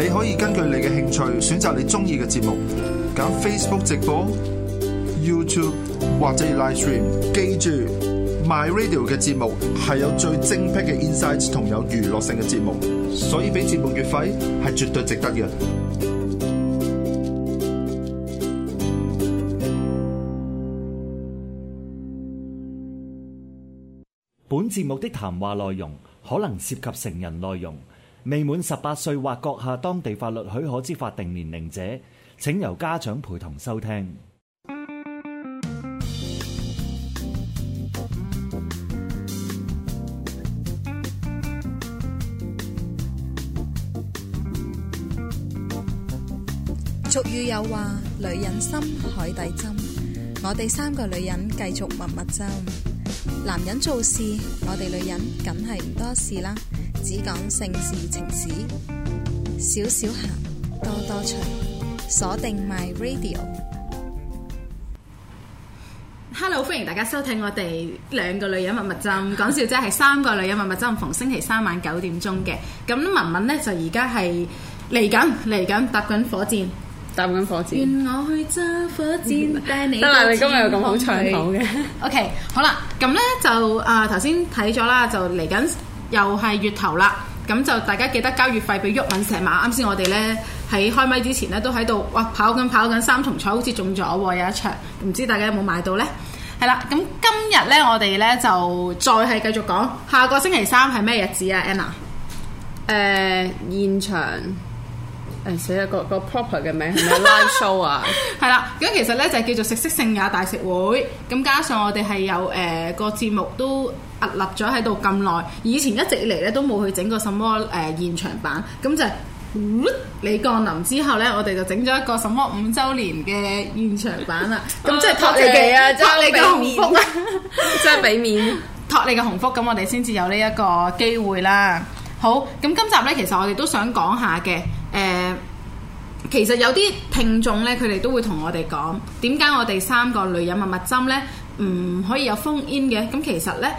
你可以根據你嘅興趣選擇你中意嘅節目，揀 Facebook 直播、YouTube 或者 Live Stream。記住，My Radio 嘅節目係有最精闢嘅 insights 同有娛樂性嘅節目，所以俾節目月費係絕對值得嘅。本節目的談話內容可能涉及成人內容。未滿十八歲或閣下當地法律許可之法定年齡者，請由家長陪同收聽。俗語有話：女人心，海底針。我哋三個女人繼續蜜蜜針。男人做事，我哋女人梗係唔多事啦。只講盛事情史，少少行，多多吹，鎖定 my radio。Hello，歡迎大家收聽我哋兩個女人密密針。嗯、講笑啫，係三個女人密密針，逢星期三晚九點鐘嘅。咁文文咧就而家係嚟緊嚟緊搭緊火箭，搭緊火箭。願我去揸火箭 你都。得啦，你今日有咁好唱嘅。OK，好啦，咁咧就啊，頭先睇咗啦，就嚟緊。又係月頭啦，咁就大家記得交月費俾鬱敏石馬。啱先我哋呢喺開咪之前呢都喺度，哇，跑緊跑緊，三重彩，好似中咗喎、啊、有一場，唔知大家有冇買到呢？係啦，咁今日呢我哋呢就再係繼續講，下個星期三係咩日子啊？Anna，誒、呃、現場。寫一個個 proper 嘅名係咪 live show 啊？係啦，咁其實咧就係叫做食色性也大食會。咁加上我哋係有誒個節目都屹立咗喺度咁耐，以前一直嚟咧都冇去整個什麼誒現場版。咁就係你降臨之後咧，我哋就整咗一個什麼五週年嘅現場版啦。咁即係託你哋啊，托你嘅洪福啊，即係俾面，托你嘅洪福，咁我哋先至有呢一個機會啦。好，咁今集呢，其實我哋都想講下嘅，誒、呃，其實有啲聽眾呢，佢哋都會同我哋講，點解我哋三個女人蜜蜜針呢？唔、嗯、可以有 phone in 嘅？咁、嗯、其實呢。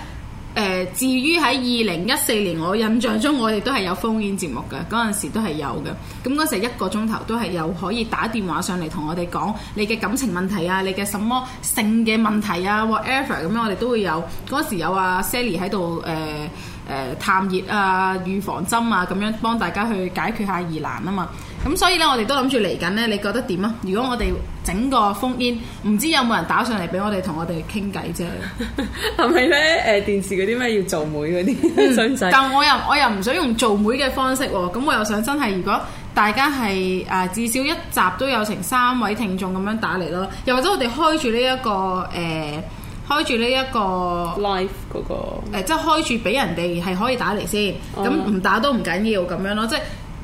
呃、至於喺二零一四年，我印象中我哋都係有 phone in 節目嘅，嗰陣時都係有嘅。咁嗰時一個鐘頭都係有可以打電話上嚟同我哋講你嘅感情問題啊，你嘅什麼性嘅問題啊，whatever 咁樣，我哋都會有。嗰時有阿 Sally 喺度誒誒、呃呃、探熱啊，預防針啊，咁樣幫大家去解決下疑難啊嘛。咁所以咧，我哋都諗住嚟緊咧。你覺得點啊？如果我哋整個烽煙，唔知有冇人打上嚟俾我哋同我哋傾偈啫。係咪咧？誒、呃、電視嗰啲咩要做媒嗰啲 想唔想、嗯？但我又我又唔想用做媒嘅方式喎。咁我又想真係，如果大家係誒、呃、至少一集都有成三位聽眾咁樣打嚟咯。又或者我哋開住呢一個誒、呃、開住呢一個 live 嗰個、呃、即係開住俾人哋係可以打嚟先。咁唔打都唔緊要，咁樣咯，即係。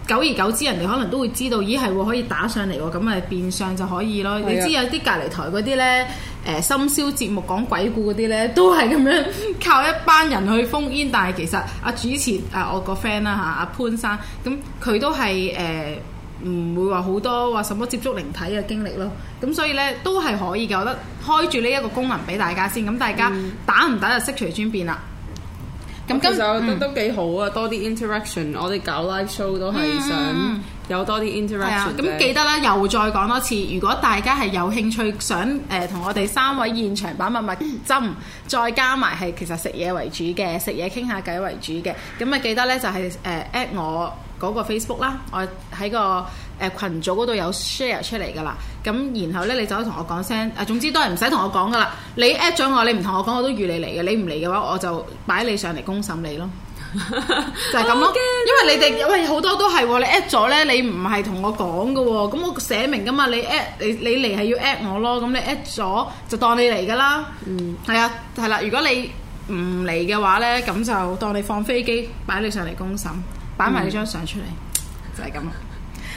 久而久之，人哋可能都會知道，咦，係喎可以打上嚟喎，咁咪變相就可以咯。是的 你知有啲隔離台嗰啲咧，誒、呃、深宵節目講鬼故嗰啲咧，都係咁樣靠一班人去烽煙，但係其實阿主持啊，我個 friend 啦嚇，阿、啊、潘生，咁、嗯、佢都係誒唔會話好多話什麼接觸靈體嘅經歷咯。咁、嗯嗯、所以咧都係可以嘅，我覺得開住呢一個功能俾大，大家先，咁大家打唔打就識隨轉變啦。咁、嗯、我其實覺得都幾好啊，多啲 interaction，我哋搞 live show 都係想有多啲 interaction 咁、嗯、記得啦，又再講多次，如果大家係有興趣想誒同、呃、我哋三位現場擺蜜蜜針，再加埋係其實食嘢為主嘅，食嘢傾下偈為主嘅，咁咪記得咧就係誒 at 我嗰個 Facebook 啦，我喺個，誒群組嗰度有 share 出嚟㗎啦，咁然後咧你就可以同我講聲，誒總之都係唔使同我講㗎啦。你 at 咗我，你唔同我講我都預你嚟嘅，你唔嚟嘅話我就擺你上嚟公審你咯，就係咁咯。因為你哋有喂好多都係喎，你 at 咗咧你唔係同我講㗎喎，咁我寫明㗎嘛，你 at 你你嚟係要 at 我咯，咁你 at 咗就當你嚟㗎啦。嗯，係啊，係啦，如果你唔嚟嘅話咧，咁就當你放飛機，擺你上嚟公審，擺埋你張相出嚟，就係咁啊。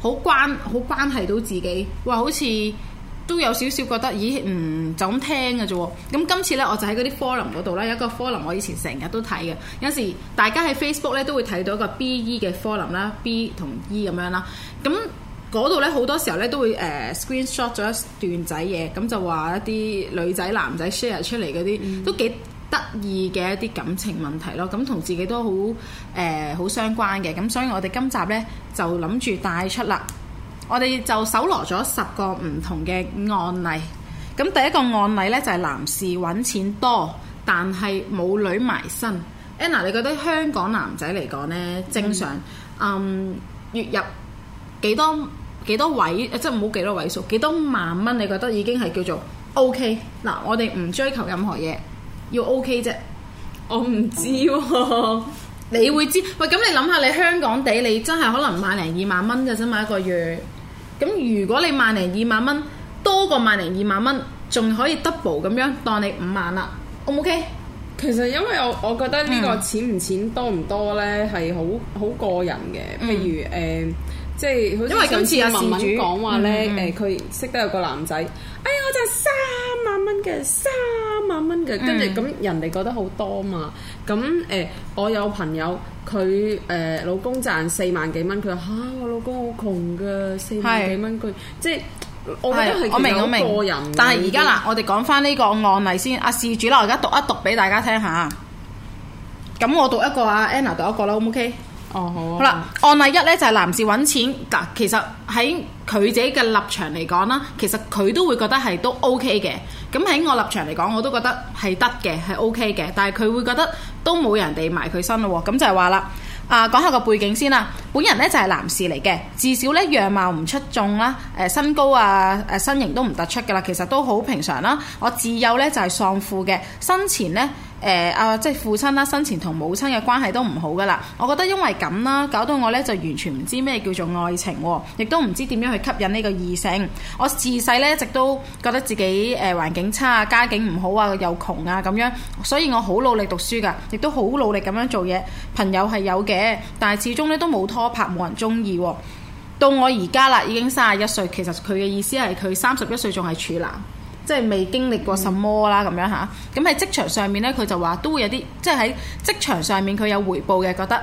好關好關係到自己，哇！好似都有少少覺得，咦？唔、嗯、就咁聽嘅啫喎。咁今次呢，我就喺嗰啲 forum 嗰度啦。有一個 forum 我以前成日都睇嘅。有時大家喺 Facebook 呢都會睇到一個 BE forum, B E 嘅 forum 啦，B 同 E 咁樣啦。咁嗰度呢，好多時候呢都會誒、uh, screen shot 咗一段仔嘢，咁就話一啲女仔男仔 share 出嚟嗰啲都幾得意嘅一啲感情問題咯，咁同自己都好誒好相關嘅，咁所以我哋今集咧就諗住帶出啦。我哋就搜羅咗十個唔同嘅案例，咁第一個案例咧就係男士揾錢多，但係冇女埋身。Anna，你覺得香港男仔嚟講咧正常，嗯，嗯，月入幾多幾多位？誒，即係冇幾多位數幾多萬蚊？你覺得已經係叫做 OK 嗱？我哋唔追求任何嘢。要 OK 啫，我唔知喎、哦， 你會知？喂，咁你諗下，你香港地，你真係可能萬零二萬蚊就啫，買一個月。咁如果你萬零二萬蚊，多過萬零二萬蚊，仲可以 double 咁樣當你五萬啦，O k 其實因為我我覺得呢個錢唔錢多唔多呢，係好好個人嘅，譬如誒。呃嗯即係，因為上次阿雯雯講話咧，誒、嗯、佢、嗯呃、識得有個男仔，哎呀我就三萬蚊嘅，三萬蚊嘅，跟住咁人哋覺得好多嘛，咁誒、呃、我有朋友佢誒、呃、老公賺四萬幾蚊，佢話吓，我老公好窮嘅，四萬幾蚊佢：是「即係我覺得係幾有個人，但係而家嗱，我哋講翻呢個案例先，阿、啊、事主啦，我而家讀一讀俾大家聽下，咁我讀一個啊 Anna 讀一個啦，好唔好？哦、好啦，案例一咧就係、是、男士揾錢嗱，其實喺佢自己嘅立場嚟講啦，其實佢都會覺得係都 O K 嘅。咁喺我立場嚟講，我都覺得係得嘅，係 O K 嘅。但係佢會覺得都冇人哋埋佢身咯喎，咁就係話啦。啊，講下個背景先啦。本人咧就係、是、男士嚟嘅，至少咧樣貌唔出眾啦，誒、呃、身高啊，誒身形都唔突出噶啦，其實都好平常啦。我自幼咧就係喪父嘅，生前咧。誒、欸、啊！即係父親啦，生前同母親嘅關係都唔好噶啦。我覺得因為咁啦，搞到我咧就完全唔知咩叫做愛情、哦，亦都唔知點樣去吸引呢個異性。我自細咧一直都覺得自己誒、呃、環境差啊，家境唔好啊，又窮啊咁樣。所以我好努力讀書噶，亦都好努力咁樣做嘢。朋友係有嘅，但係始終咧都冇拖拍，冇人中意、哦。到我而家啦，已經三十一歲。其實佢嘅意思係佢三十一歲仲係處男。即係未經歷過什麼啦，咁、嗯、樣吓。咁喺職場上面咧，佢就話都會有啲，即係喺職場上面佢有回報嘅，覺得。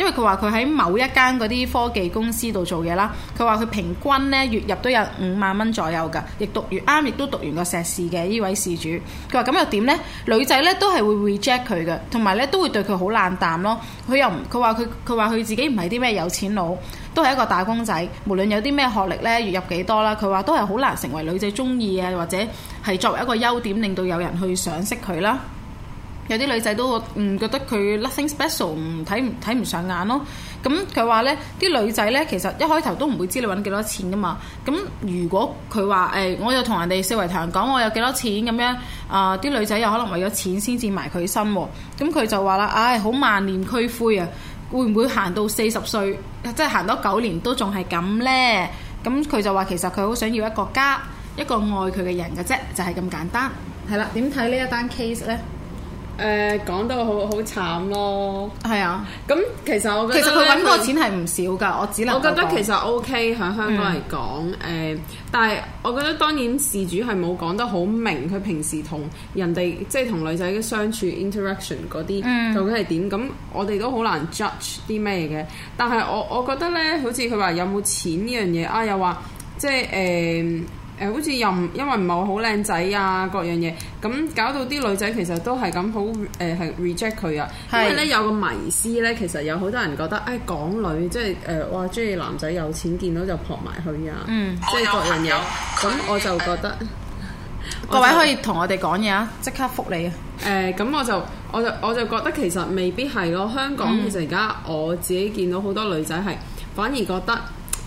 因為佢話佢喺某一間嗰啲科技公司度做嘢啦，佢話佢平均咧月入都有五萬蚊左右噶，亦讀完啱，亦都讀完個碩士嘅呢位事主，佢話咁又點呢？女仔呢都係會 reject 佢嘅，同埋呢都會對佢好冷淡咯。佢又唔，佢話佢佢話佢自己唔係啲咩有錢佬，都係一個打工仔。無論有啲咩學歷咧，月入幾多啦，佢話都係好難成為女仔中意啊，或者係作為一個優點令到有人去賞識佢啦。有啲女仔都，嗯，覺得佢 nothing special，睇唔睇唔上眼咯。咁佢話呢啲女仔呢，其實一開頭都唔會知你揾幾多錢噶嘛。咁、嗯、如果佢話誒，我又同人哋四圍同人講我有幾多錢咁樣啊，啲、呃、女仔又可能為咗錢先至埋佢身喎。咁、嗯、佢就話啦，唉、哎，好萬念俱灰啊，會唔會行到四十歲，即係行多九年都仲係咁呢？嗯，咁佢就話其實佢好想要一個家，一個愛佢嘅人嘅啫，就係、是、咁簡單。係啦，點睇呢一單 case 呢？誒，講到好好慘咯，係啊、嗯，咁其實我覺得其實佢揾過錢係唔少噶，我只能我覺得其實 OK 喺香港嚟講，誒、嗯呃，但係我覺得當然事主係冇講得好明，佢平時同人哋即係同女仔嘅相處 interaction 嗰啲，嗯、究竟係點？咁我哋都好難 judge 啲咩嘅。但係我我覺得咧，好似佢話有冇錢呢樣嘢啊，又話即係誒。呃誒、呃、好似又唔，因為唔係好靚仔啊，各樣嘢，咁、嗯、搞到啲女仔其實都係咁好誒，係 reject 佢啊。是因為咧有個迷思咧，其實有好多人覺得，誒、哎、港女即係誒哇，中、呃、意男仔有錢，見到就撲埋去啊。嗯，即係各樣嘢。咁我，我就覺得，呃、就各位可以同我哋講嘢啊，即刻覆你啊。誒、呃，咁我就我就我就，我就覺得其實未必係咯。香港其實而家我自己見到好多女仔係反，反而覺得。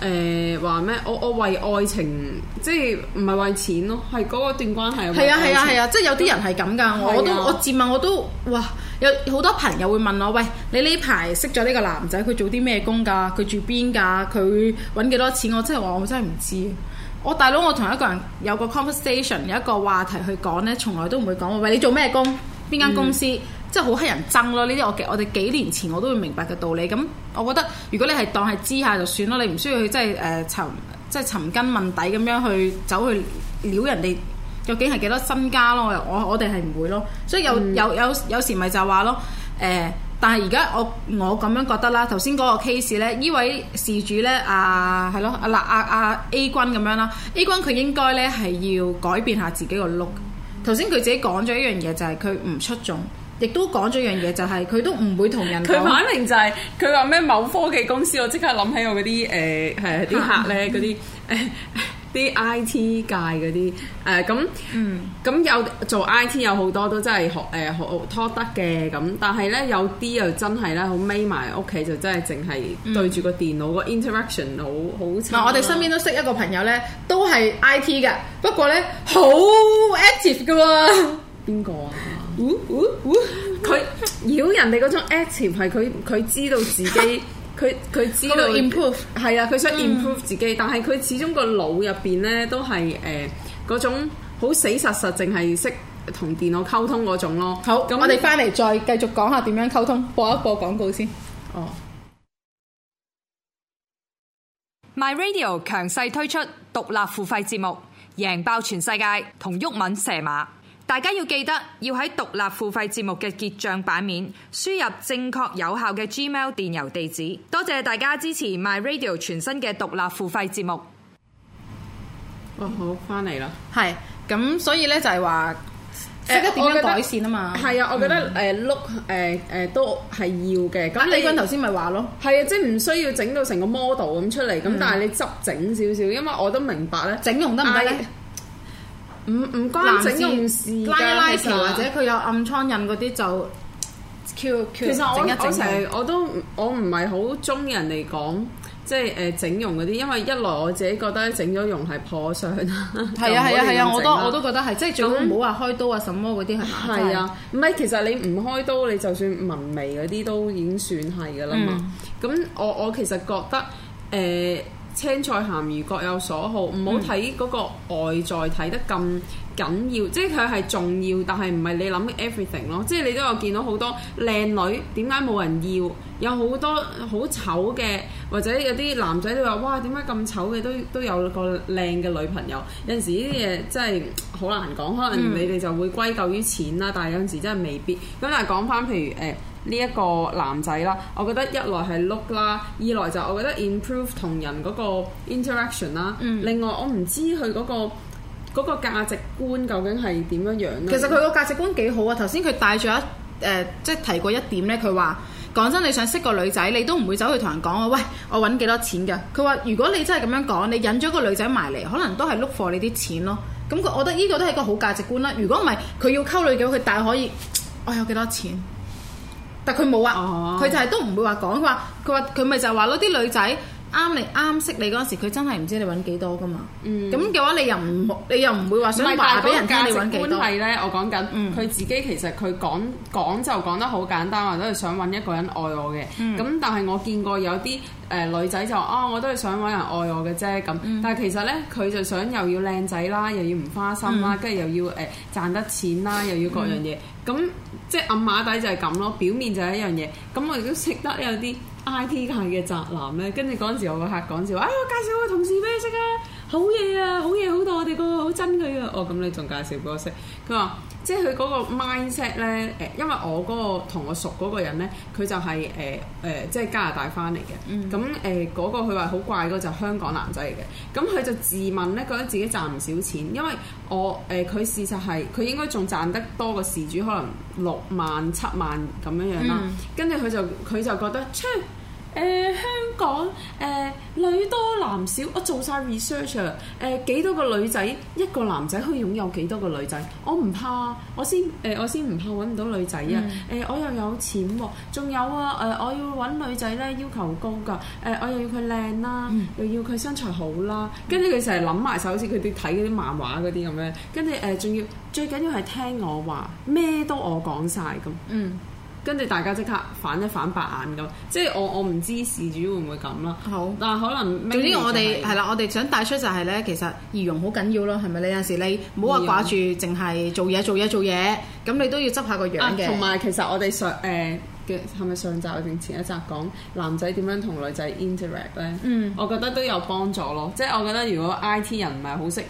誒，話咩？我我為愛情，即係唔係為錢咯，係嗰段關係。係啊係啊係啊，即係有啲人係咁噶。啊、我都我自問我都哇，有好多朋友會問我，喂，你呢排識咗呢個男仔，佢做啲咩工㗎？佢住邊㗎？佢揾幾多錢？我真係話我真係唔知。我大佬，我同一個人有個 conversation，有一個話題去講呢，從來都唔會講。喂，你做咩工？邊間公司？嗯即係好乞人憎咯！呢啲我我哋幾年前我都會明白嘅道理。咁我覺得如果你係當係知下就算咯，你唔需要去真係誒尋即係尋根問底咁樣去走去撩人哋究竟係幾多身家咯。我我我哋係唔會咯。所以有、嗯、有有有時咪就係話咯誒，但係而家我我咁樣覺得啦。頭先嗰個 case 咧，呢位事主咧，阿、啊、係咯，嗱阿阿 A 君咁樣啦，A 君佢應該咧係要改變下自己個 look。頭先佢自己講咗一樣嘢，就係佢唔出眾。亦都講咗一樣嘢，就係佢都唔會同人。佢擺明就係佢話咩某科技公司，我即刻諗起我嗰啲誒係啲客咧嗰啲誒啲 IT 界嗰啲誒咁。嗯、嗯，咁有做 IT 有好多都真係學誒好拖得嘅咁，但係咧有啲又真係咧好匿埋屋企，就真係淨係對住個電腦個 interaction 好好差。嗱，我哋身邊都識一個朋友咧，都係 IT 嘅，不過咧好 active 嘅喎。邊個啊？嗚嗚嗚！佢撩人哋嗰種 active 係佢佢知道自己佢佢知道 能 improve 係啊，佢想 improve、嗯、自己，但係佢始終個腦入邊咧都係誒嗰種好死實實，淨係識同電腦溝通嗰種咯。好，咁我哋翻嚟再繼續講下點樣溝通，播一播廣告先。哦，My Radio 強勢推出獨立付費節目，贏爆全世界，同毓民射馬。大家要記得要喺獨立付費節目嘅結賬版面輸入正確有效嘅 Gmail 電郵地址。多謝大家支持 My Radio 全新嘅獨立付費節目。哦，好，翻嚟啦。係，咁所以咧就係話，誒、呃，點樣改善啊嘛？係、嗯、啊，我覺得誒、呃、look，誒、呃、誒、呃、都係要嘅。阿李君頭先咪話咯，係啊，即係唔需要整到成個 model 咁出嚟，咁、嗯、但係你執整少少，因為我都明白咧，整容得唔得咧？啊唔唔關整容拉拉條或者佢有暗瘡印嗰啲就，Q, Q, 其實我我成我都我唔係好鍾意人嚟講，即係誒、呃、整容嗰啲，因為一來我自己覺得整咗容係破相，係 啊係啊係啊，我都我都覺得係， 即最好唔好話開刀啊什麼嗰啲係。係啊，唔係、啊、的其實你唔開刀，你就算紋眉嗰啲都已經算係噶啦嘛。咁、嗯、我我其實覺得誒。欸青菜鹹魚各有所好，唔好睇嗰個外在睇得咁緊要，嗯、即係佢係重要，但係唔係你諗嘅 everything 咯。即係你都有見到好多靚女，點解冇人要？有好多好醜嘅，或者有啲男仔都話，哇，點解咁醜嘅都都有個靚嘅女朋友？有陣時呢啲嘢真係好難講，可能你哋就會歸咎於錢啦。嗯、但係有陣時真係未必。咁但係，講翻譬如誒。呃呢一個男仔啦，我覺得一來係 look 啦，二來就我覺得 improve 同人嗰個 interaction 啦。嗯、另外我唔知佢嗰、嗰個嗰、嗰個價值觀究竟係點樣樣。其實佢個價值觀幾好啊！頭先佢帶咗一誒、呃，即係提過一點呢，佢話講真，你想識個女仔，你都唔會走去同人講啊，喂，我揾幾多錢㗎？佢話如果你真係咁樣講，你引咗個女仔埋嚟，可能都係 look for 你啲錢咯。咁、嗰個、我覺得呢個都係個好價值觀啦。如果唔係，佢要溝女嘅，佢大可以我有幾多錢。但佢冇啊，佢、哦、就係都唔會話講。佢話佢話，佢咪就話咯啲女仔。啱你啱識你嗰陣時，佢真係唔知你揾幾多噶嘛？咁嘅話，你又唔你又唔會話想話俾人知你揾幾多咧？我講緊，佢自己其實佢講講就講得好簡單，都係想揾一個人愛我嘅。咁但係我見過有啲誒女仔就哦，我都係想揾人愛我嘅啫咁。但係其實呢，佢就想又要靚仔啦，又要唔花心啦，跟住又要誒賺得錢啦，又要各樣嘢。咁即係暗馬底就係咁咯，表面就係一樣嘢。咁我亦都識得有啲。I.T 界嘅宅男咧，跟住嗰陣時候我，我個客講住，哎我介紹個同事俾你識啊！好嘢啊！好嘢，好多。我哋個個好憎佢啊！哦，咁、oh, 你仲介紹俾我識？佢話即係佢嗰個 mindset 咧，誒，因為我嗰、嗰個同我熟嗰個人咧，佢就係誒誒，即係加拿大翻嚟嘅。嗯。咁誒嗰個佢話好怪嗰就香港男仔嚟嘅。咁佢就自問咧，覺得自己賺唔少錢，因為我誒佢、呃、事實係佢應該仲賺得多過事主，可能六萬七萬咁樣樣啦。跟住佢就佢就覺得，check。誒、呃、香港誒、呃、女多男少，我做晒 research 啊！誒、呃、幾多個女仔一個男仔可以擁有幾多個女仔？我唔怕，我先誒、呃、我先唔怕揾唔到女仔啊！誒、嗯呃、我又有錢喎、啊，仲有啊誒、呃、我要揾女仔咧，要求高㗎，誒、呃、我又要佢靚啦，嗯、又要佢身材好啦，跟住佢成日諗埋手，好似佢哋睇嗰啲漫畫嗰啲咁樣，跟住誒仲要最緊要係聽我話，咩都我講晒咁。嗯跟住大家即刻反一反白眼咁，即係我我唔知事主會唔會咁啦。好，但可能明、就是、之我哋係啦，我哋想帶出就係、是、咧，其實儀容好緊要咯，係咪你有時你唔好話掛住淨係做嘢做嘢做嘢，咁你都要執下個樣嘅。同埋、啊、其實我哋上誒嘅係咪上集定前一集講男仔點樣同女仔 interact 咧？嗯，我覺得都有幫助咯。即係我覺得如果 IT 人唔係好識。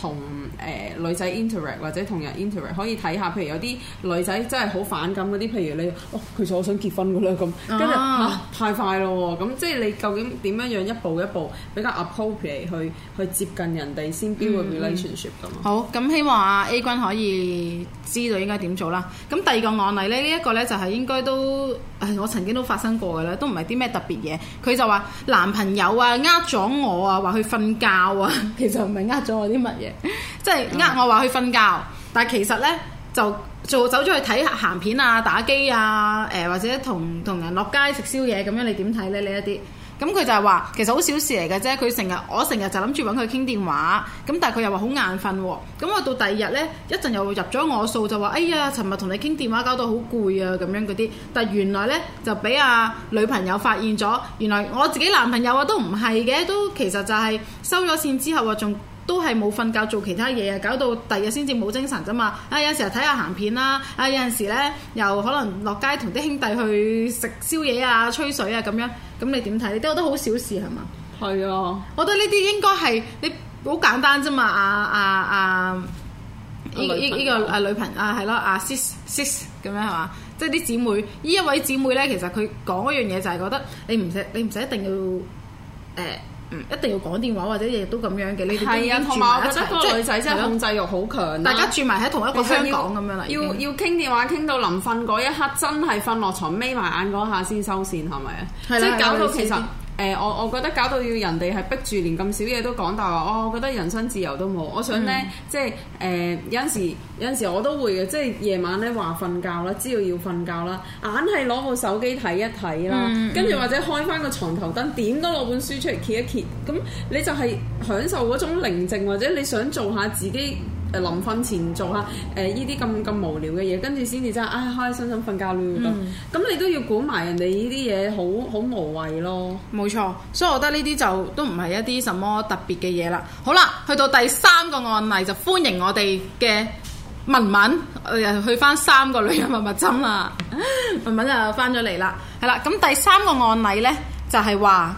同誒、呃、女仔 interact 或者同人 interact 可以睇下，譬如有啲女仔真係好反感啲，譬如你哦，其實我想結婚嘅咧咁，跟住啊，啊太快咯喎，咁、嗯、即係你究竟點樣樣一步一步比較 appropriate 去去接近人哋先 build relationship 咁、嗯。樣好，咁希望阿 A 君可以知道應該點做啦。咁第二個案例咧，呢、這、一個咧就係應該都誒我曾經都發生過嘅咧，都唔係啲咩特別嘢。佢就話男朋友啊呃咗我啊，話去瞓覺啊， 其實唔係呃咗我啲乜嘢。 即係是呃、嗯、我話去瞓覺，但係其實呢，就就走咗去睇鹹片啊、打機啊、誒、呃、或者同同人落街食宵夜咁樣。你點睇呢？呢一啲？咁、嗯、佢就係話其實好小事嚟嘅啫。佢成日我成日就諗住揾佢傾電話，咁但係佢又話好眼瞓喎。咁我到第二日呢，一陣又入咗我數，就話哎呀，尋日同你傾電話搞到好攰啊，咁樣嗰啲。但係原來呢，就俾阿女朋友發現咗，原來我自己男朋友啊都唔係嘅，都其實就係收咗線之後啊仲都係冇瞓覺做其他嘢啊，搞到第日先至冇精神啫、啊啊啊哦、嘛！啊，有陣時睇下行片啦，啊，有陣時咧又可能落街同啲兄弟去食宵夜啊、吹水啊咁樣，咁你點睇？你都覺得好小事係嘛？係啊，我覺得呢啲應該係你好簡單啫嘛！啊啊啊！呢呢呢個啊女朋友啊係咯啊 sis sister 咁樣係嘛？即係啲姊妹，呢一位姊妹咧，其實佢講一樣嘢就係覺得你唔使你唔使一定要誒。呃 congress, 一定要講電話或者亦都咁樣嘅，你哋都住埋、啊、同埋我覺得個女仔真係控制欲好強、啊。大家住埋喺同一個香港咁樣啦，已經要要傾電話傾到臨瞓嗰一刻，真係瞓落床，眯埋眼嗰下先收線，係咪啊？即係搞到、啊啊、其實。誒、呃、我我覺得搞到要人哋係逼住，連咁少嘢都講大話，哦，我覺得人生自由都冇。我想咧，嗯、即係誒、呃、有陣時有陣時我都會嘅，即係夜晚咧話瞓覺啦，知道要瞓覺啦，硬係攞部手機睇一睇啦，跟住、嗯、或者開翻個床頭燈，點都攞本書出嚟揭一揭，咁你就係享受嗰種寧靜，或者你想做下自己。誒，臨瞓前做下誒，依啲咁咁無聊嘅嘢，跟住先至真係唉開心心瞓覺、嗯、咯。咁你都要管埋人哋呢啲嘢，好好無謂咯。冇錯，所以我覺得呢啲就都唔係一啲什麼特別嘅嘢啦。好啦，去到第三個案例就歡迎我哋嘅文文，去翻三個女人蜜蜜針 啦。文文又翻咗嚟啦，係啦。咁第三個案例呢，就係、是、話。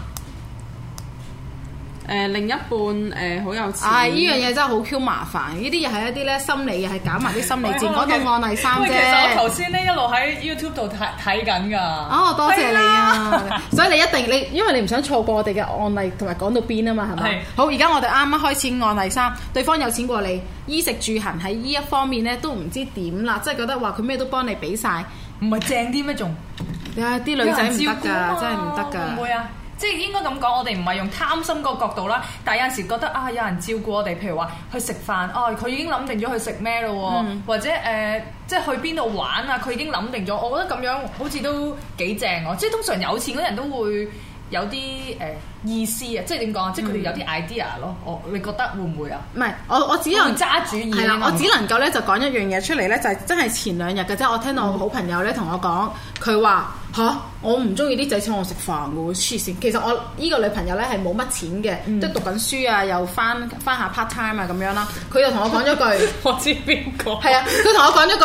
誒、呃、另一半誒好、呃、有錢，啊！依樣嘢真係好 Q 麻煩，呢啲又係一啲咧心理，又係搞埋啲心理戰。講到 案例三啫， 其實我頭先咧一路喺 YouTube 度睇睇緊㗎。哦，多謝你啊！ 所以你一定你，因為你唔想錯過我哋嘅案例同埋講到邊啊嘛，係咪？ 好，而家我哋啱啱開始案例三，對方有錢過你，衣食住行喺依一方面咧都唔知點啦，即係覺得話佢咩都幫你俾晒，唔係正啲咩仲？ 啊！啲女仔唔得㗎，真係唔得㗎。唔會啊！即係應該咁講，我哋唔係用貪心個角度啦，但係有陣時覺得啊，有人照顧我哋，譬如話去食飯，哦，佢已經諗定咗去食咩咯，嗯、或者誒、呃，即係去邊度玩啊，佢已經諗定咗。我覺得咁樣好似都幾正嘅，即係通常有錢嗰啲人都會。有啲誒意思啊，即係點講啊？即係佢哋有啲 idea 咯。我、嗯哦、你覺得會唔會啊？唔係，我我只能揸主意。啦、嗯啊，我只能夠咧就講一樣嘢出嚟咧，就係、是、真係前兩日嘅啫。我聽到我好朋友咧同我講，佢話吓，我唔中意啲仔請我食飯嘅，黐線！其實我依個女朋友咧係冇乜錢嘅，即係、嗯、讀緊書啊，又返返下 part time 啊咁樣啦。佢又同我講咗句： 我知邊個？係啊，佢同我講咗句：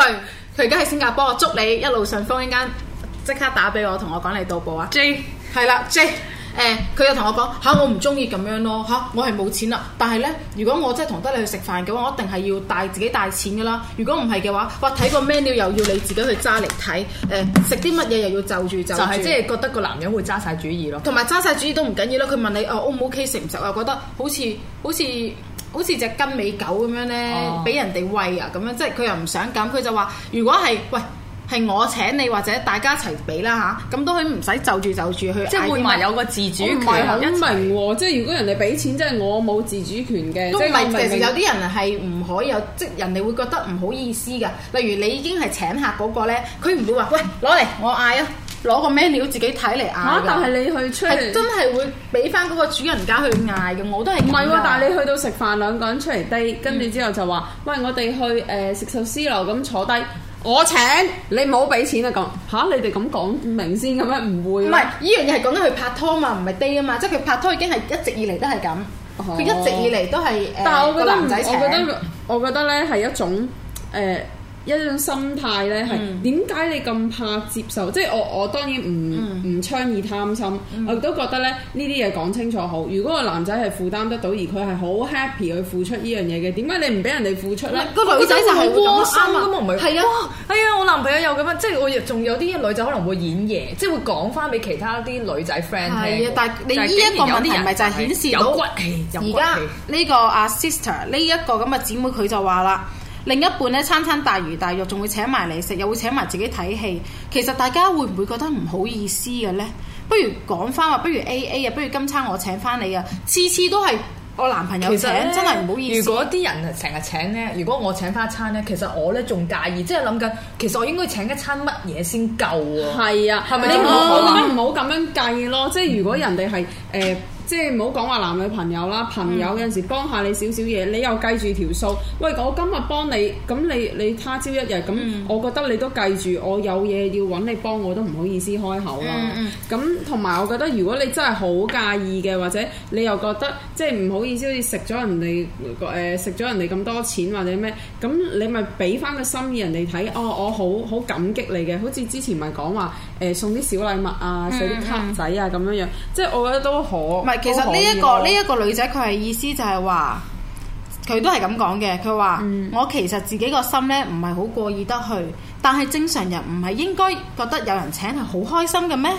佢而家喺新加坡，我祝你一路順風！一陣間即刻打俾我，同我講你到步啊，J。係啦，即係誒，佢又同我講吓、啊，我唔中意咁樣咯吓、啊，我係冇錢啦。但係咧，如果我真係同得你去食飯嘅話，我一定係要帶自己帶錢嘅啦。如果唔係嘅話，喂、呃，睇個 menu 又要你自己去揸嚟睇，誒、呃，食啲乜嘢又要就住就，就住，即係覺得個男人會揸晒主意咯。同埋揸晒主意都唔緊要啦。佢問你哦，O 唔 O K 食唔食啊？呃、我覺得好似好似好似隻跟尾狗咁樣咧，俾、哦、人哋喂啊咁樣，即係佢又唔想咁，佢就話如果係喂。係我請你，或者大家一齊俾啦嚇，咁、啊、都可以唔使就住就住去點點，即係會埋有個自主權。唔係好明喎，即係如果人哋俾錢，即係我冇自主權嘅。即唔係成時有啲人係唔可以有，即係人哋會覺得唔好意思嘅。例如你已經係請客嗰、那個咧，佢唔會話喂，攞嚟我嗌啊，攞個 menu 自己睇嚟嗌。嚇！但係你去出嚟真係會俾翻嗰個主人家去嗌嘅，我都係。唔係喎，但係你去到食飯，兩個人出嚟低，跟住之後就話、嗯、喂，我哋去誒、呃、食壽司樓咁坐低。坐我請你唔好俾錢啊！講吓，你哋咁講明先嘅咩？唔會，唔係依樣嘢，係講緊佢拍拖嘛，唔係 date 啊嘛，即係佢拍拖已經係一直以嚟都係咁，佢、哦、一直以嚟都係誒、呃、個男仔請咧。我覺得我覺得咧係一種誒。呃一種心態咧，係點解你咁怕接受？嗯、即係我我當然唔唔槍意貪心，嗯、我亦都覺得咧呢啲嘢講清楚好。如果個男仔係負擔得到，而佢係好 happy 去付出呢樣嘢嘅，點解你唔俾人哋付出咧？個、嗯、女仔就好窩心啊嘛，係啊係啊，我男朋友又咁樣、嗯、有咁啊，即係我仲有啲女仔可能會演嘢、嗯，即係會講翻俾其他啲女仔 friend 係啊，但係你呢一個問題咪就係顯示有骨氣，而家呢個阿 sister 呢一個咁嘅姊妹佢就話啦。另一半咧餐餐大魚大肉，仲會請埋你食，又會請埋自己睇戲。其實大家會唔會覺得唔好意思嘅咧？不如講翻話，不如 AA 啊，不如今餐我請翻你啊！次次都係我男朋友請，真係唔好意思。如果啲人成日請咧，如果我請翻餐咧，其實我咧仲介意，即係諗緊，其實我應該請一餐乜嘢先夠啊。係 啊，係咪你我覺得唔好咁樣計咯。即係如果人哋係誒。嗯嗯呃即係唔好講話男女朋友啦，朋友有陣時幫下你少少嘢，你又計住條數。喂，我今日幫你，咁你你他朝一日，咁我覺得你都計住。我有嘢要揾你幫，我都唔好意思開口啦。咁同埋我覺得，如果你真係好介意嘅，或者你又覺得即係唔好意思，好似食咗人哋誒食咗人哋咁多錢或者咩，咁你咪俾翻個心意人哋睇。哦，我好好感激你嘅，好似之前咪講話。誒、呃、送啲小禮物啊，嗯嗯、送啲卡仔啊，咁樣樣，即係我覺得都可。唔係，其實呢、呢、一個呢一個女仔佢係意思就係話，佢都係咁講嘅。佢話、嗯、我其實自己個心咧唔係好過意得去，但係正常人唔係應該覺得有人請係好開心嘅咩？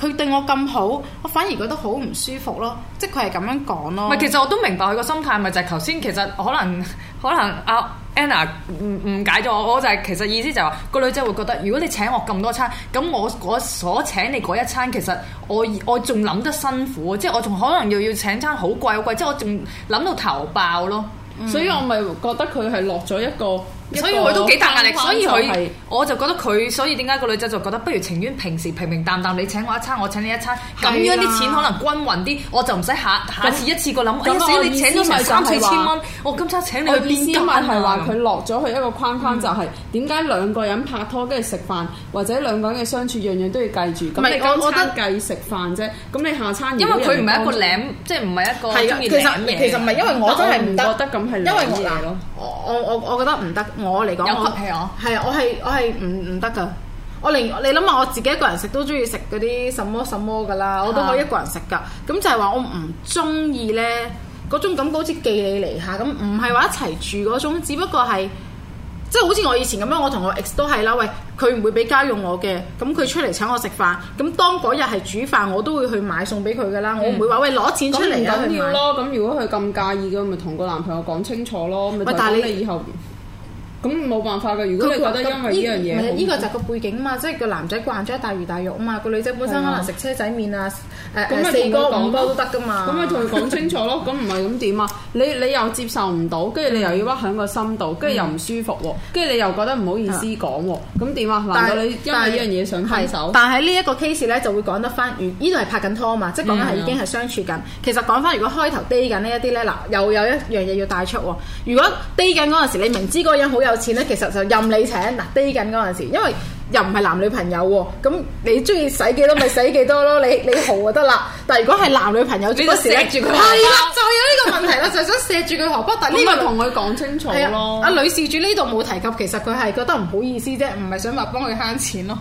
佢對我咁好，我反而覺得好唔舒服咯。即係佢係咁樣講咯。唔係，其實我都明白佢個心態，咪就係頭先其實可能可能，可能啊。Anna 誤、誤解咗我，我就係、係，其實意思就話個女仔會覺得，如果你請我咁多餐，咁我所請你嗰一餐，其實我我仲諗得辛苦，即係我仲可能又要請餐好貴好貴，即係我仲諗到頭爆咯，嗯、所以我咪覺得佢係落咗一個。所以佢都幾大壓力，所以佢我就覺得佢，所以點解個女仔就覺得不如情願平時平平淡淡，你請我一餐，我請你一餐，咁樣啲錢可能均勻啲，我就唔使下下次一次過諗點解你請咗埋三四千蚊，我今餐請你去邊？今咪係話佢落咗去一個框框，就係點解兩個人拍拖跟住食飯，或者兩個人嘅相處，樣樣都要計住。唔係我覺得計食飯啫，咁你下餐因為佢唔係一個檸，即係唔係一個中意檸嘢。其實唔係因為我真係唔覺得，因為我我我我我覺得唔得，我嚟講，我係我係我係唔唔得㗎。我另你諗下，我自己一個人食都中意食嗰啲什麼什麼㗎啦，的我都可以一個人食㗎。咁就係話我唔中意咧嗰種感覺，好似寄你籬下。咁，唔係話一齊住嗰種，只不過係。即係好似我以前咁樣，我同我 ex 都係啦。喂，佢唔會俾家用我嘅，咁佢出嚟請我食飯，咁當嗰日係煮飯，我都會去買餸俾佢噶啦。嗯、我唔會話喂，攞錢出嚟、嗯、去買。咁唔緊要咯。咁如果佢咁介意嘅，咪同個男朋友講清楚咯。咪如果你以後。咁冇辦法㗎，如果你覺得因為呢樣嘢，呢個就係個背景啊嘛，即係個男仔慣咗大魚大肉啊嘛，個女仔本身可能食車仔麵啊，誒的、呃、四個廣州都得㗎嘛，咁咪同佢講清楚咯，咁唔係咁點啊？你你又接受唔到，跟住你又要屈喺個心度，跟住又唔舒服喎，跟住你又覺得唔好意思講喎，咁點、嗯、啊？難道你因為呢樣嘢想分手？但係呢一個 case 咧就會講得翻，呢度係拍緊拖啊嘛，即係講緊係已經係相處緊。的其實講翻如果開頭低緊呢一啲咧，嗱，又有一樣嘢要帶出喎。如果低緊嗰陣時你明知嗰個人好有，錢咧其實就任你請嗱，低緊嗰陣時，因為又唔係男女朋友喎，咁你中意使幾多咪使幾多咯，你你豪就得啦。但係如果係男女朋友，呢個錫住佢係啦，就有呢個問題啦， 就想錫住佢荷包呢個同佢講清楚咯。阿女事主呢度冇提及，其實佢係覺得唔好意思啫，唔係想話幫佢慳錢咯。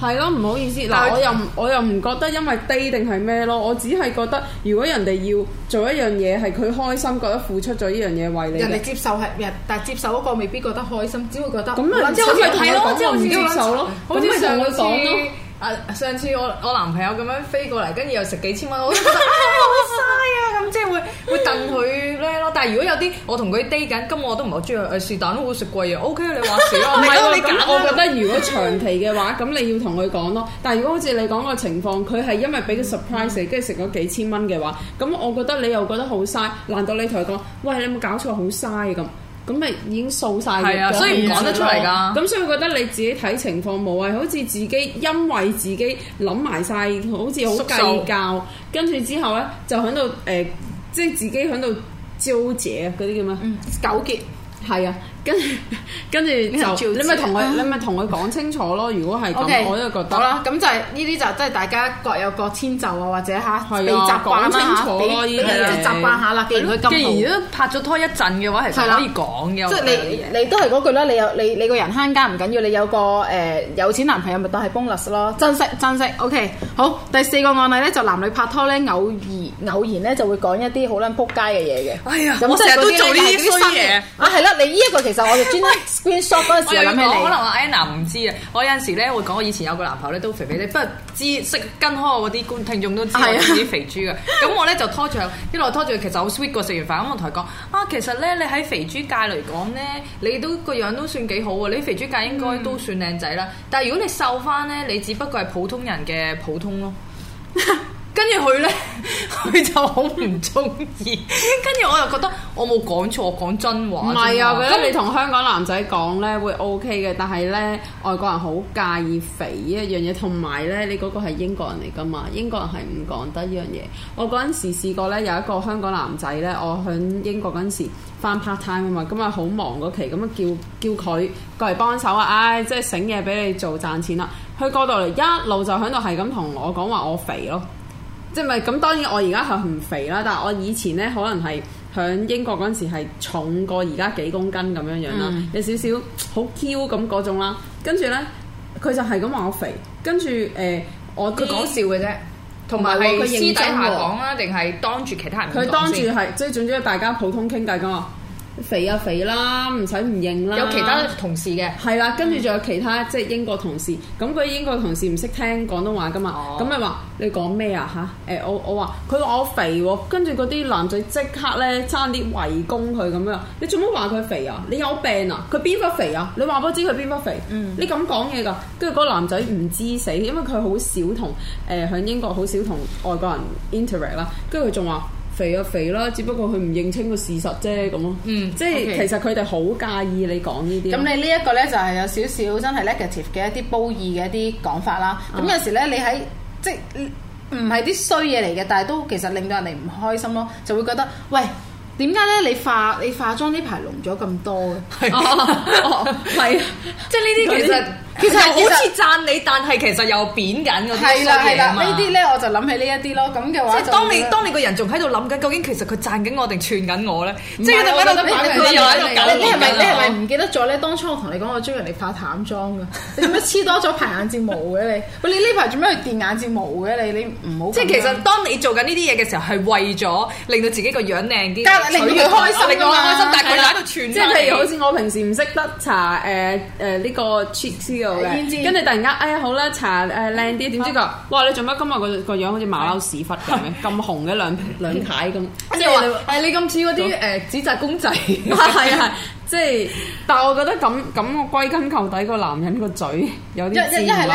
係咯，唔好意思，嗱我又我又唔覺得因為低定係咩咯，我只係覺得如果人哋要做一樣嘢，係佢開心覺得付出咗一樣嘢為你，人哋接受係，但接受嗰個未必覺得開心，只會覺得咁咪即係咪睇咯，即係唔接受咯，我我接受好似上次誒上次我我男朋友咁樣飛過嚟，跟住又食幾千蚊、 哎，好嘥啊！咁 即係會會戥佢。但係如果有啲我同佢 day 緊，咁我都唔係好中意，誒是但都好食貴嘢，OK 你話事咯。唔係 你我覺得如果長期嘅話，咁 你要同佢講咯。但係如果好似你講個情況，佢係因為俾個 surprise 你，跟住食咗幾千蚊嘅話，咁我覺得你又覺得好嘥，難道你同佢講，喂，你有冇搞錯好嘥咁？咁咪已經掃晒。係啊，所以唔講得出嚟㗎。咁、嗯啊啊、所以我覺得你自己睇情況冇謂，好似自己因為自己諗埋晒，好似好計較，跟住之後咧數就喺度誒，即係自己喺度。呃呃糾結啊，嗰啲叫咩？嗯，糾結係啊。跟住跟住你咪同佢你咪同佢講清楚咯。如果係咁，我都覺得。好啦，咁就係呢啲就即係大家各有各遷就啊，或者吓，被習慣清楚啲嘢，被習慣下啦。既然如果拍咗拖一陣嘅話，其實可以講嘅。即係你你都係嗰句啦。你有你你個人慳家唔緊要，你有個誒有錢男朋友咪當係 bonus 咯。珍惜珍惜。OK，好。第四個案例咧，就男女拍拖咧偶然偶然咧就會講一啲好撚扑街嘅嘢嘅。哎呀，我成日都做呢啲衰嘢啊！係啦，你依一個。其我就我哋專登 screen shot 嗰陣時，我可能阿 Anna 唔知啊，我有陣時咧會講，我以前有個男朋友咧都肥肥哋，不過知識跟開我啲觀聽眾都知我自己肥豬噶。咁 我咧就拖住，一來拖住，其實好 sweet 過食完飯。咁我同佢講啊，其實咧你喺肥豬界嚟講咧，你都個樣都算幾好喎。你肥豬界應該都算靚仔啦。但係如果你瘦翻咧，你只不過係普通人嘅普通咯。 跟住佢咧，佢就好唔中意。跟住 我又覺得我冇講錯，講真話。唔係啊，我覺得你同香港男仔講咧會 O K 嘅，但係咧外國人好介意肥一樣嘢。同埋咧，你嗰個係英國人嚟㗎嘛？英國人係唔講得依樣嘢。我嗰陣時試過咧，有一個香港男仔咧，我響英國嗰陣時返 part time 啊嘛，咁啊好忙嗰期，咁啊叫叫佢過嚟幫手啊！唉、哎，即係醒嘢俾你做賺錢啦、啊。去過到嚟一路就喺度係咁同我講話，我肥咯。即係咪咁？當然我而家係唔肥啦，但係我以前呢可能係喺英國嗰陣時係重過而家幾公斤咁樣樣啦，嗯、有少少好 Q 咁嗰種啦。跟住呢，佢就係咁話我肥。跟住誒，我佢講笑嘅啫，同埋佢私底下講啦，定係當住其他人？佢當住係即係總之大家普通傾偈㗎嘛。肥啊肥啦，唔使唔認啦。有其他同事嘅。係啦，跟住仲有其他即係英國同事，咁佢英國同事唔識聽廣東話噶嘛，咁咪話你講咩啊嚇？誒、啊、我我話佢話我肥喎、啊，跟住嗰啲男仔即刻咧差啲圍攻佢咁樣，你做乜話佢肥啊？你有病啊？佢邊忽肥啊？你話俾我知佢邊忽肥？嗯，你咁講嘢噶，跟住嗰個男仔唔知死，因為佢好少同誒喺英國好少同外國人 interact 啦，跟住佢仲話。肥啊肥啦，只不過佢唔認清個事實啫咁咯，即係其實佢哋好介意你講呢啲。咁你呢一個呢，就係、是、有少少真係 negative 嘅一啲褒義嘅一啲講法啦。咁、哦、有時呢，你喺即係唔係啲衰嘢嚟嘅，但係都其實令到人哋唔開心咯，就會覺得喂點解呢？你化你化妝呢排濃咗咁多嘅？係啊，即係呢啲其實。其實，其實好似讚你，但係其實又扁緊嗰啲嘢啊嘛。係啦係啦，呢啲咧我就諗起呢一啲咯。咁嘅話，即係當你當你個人仲喺度諗緊，究竟其實佢讚緊我定串緊我咧？是即係佢哋喺度講你又喺度講你。你係咪你係咪唔記得咗咧？當初我同你講我中意人哋化淡妝㗎，做乜黐多咗排眼睫毛嘅 你？喂，你呢排做咩？去電眼睫毛嘅你？你唔好。即係其實當你做緊呢啲嘢嘅時候，係為咗令到自己個樣靚啲，令佢然開心㗎嘛。啊、開心但係佢喺度串。即係譬如好似我平時唔識得搽誒誒呢個黐黐。跟住突然間，哎呀好啦，搽誒靚啲，點知佢話，哇你做乜今日個個樣好似馬騮屎忽咁嘅？咁紅嘅兩兩蟹咁，即係話誒你咁似嗰啲誒紙紮公仔，係啊係，即係，但我覺得咁咁我歸根究底個男人個嘴有啲似，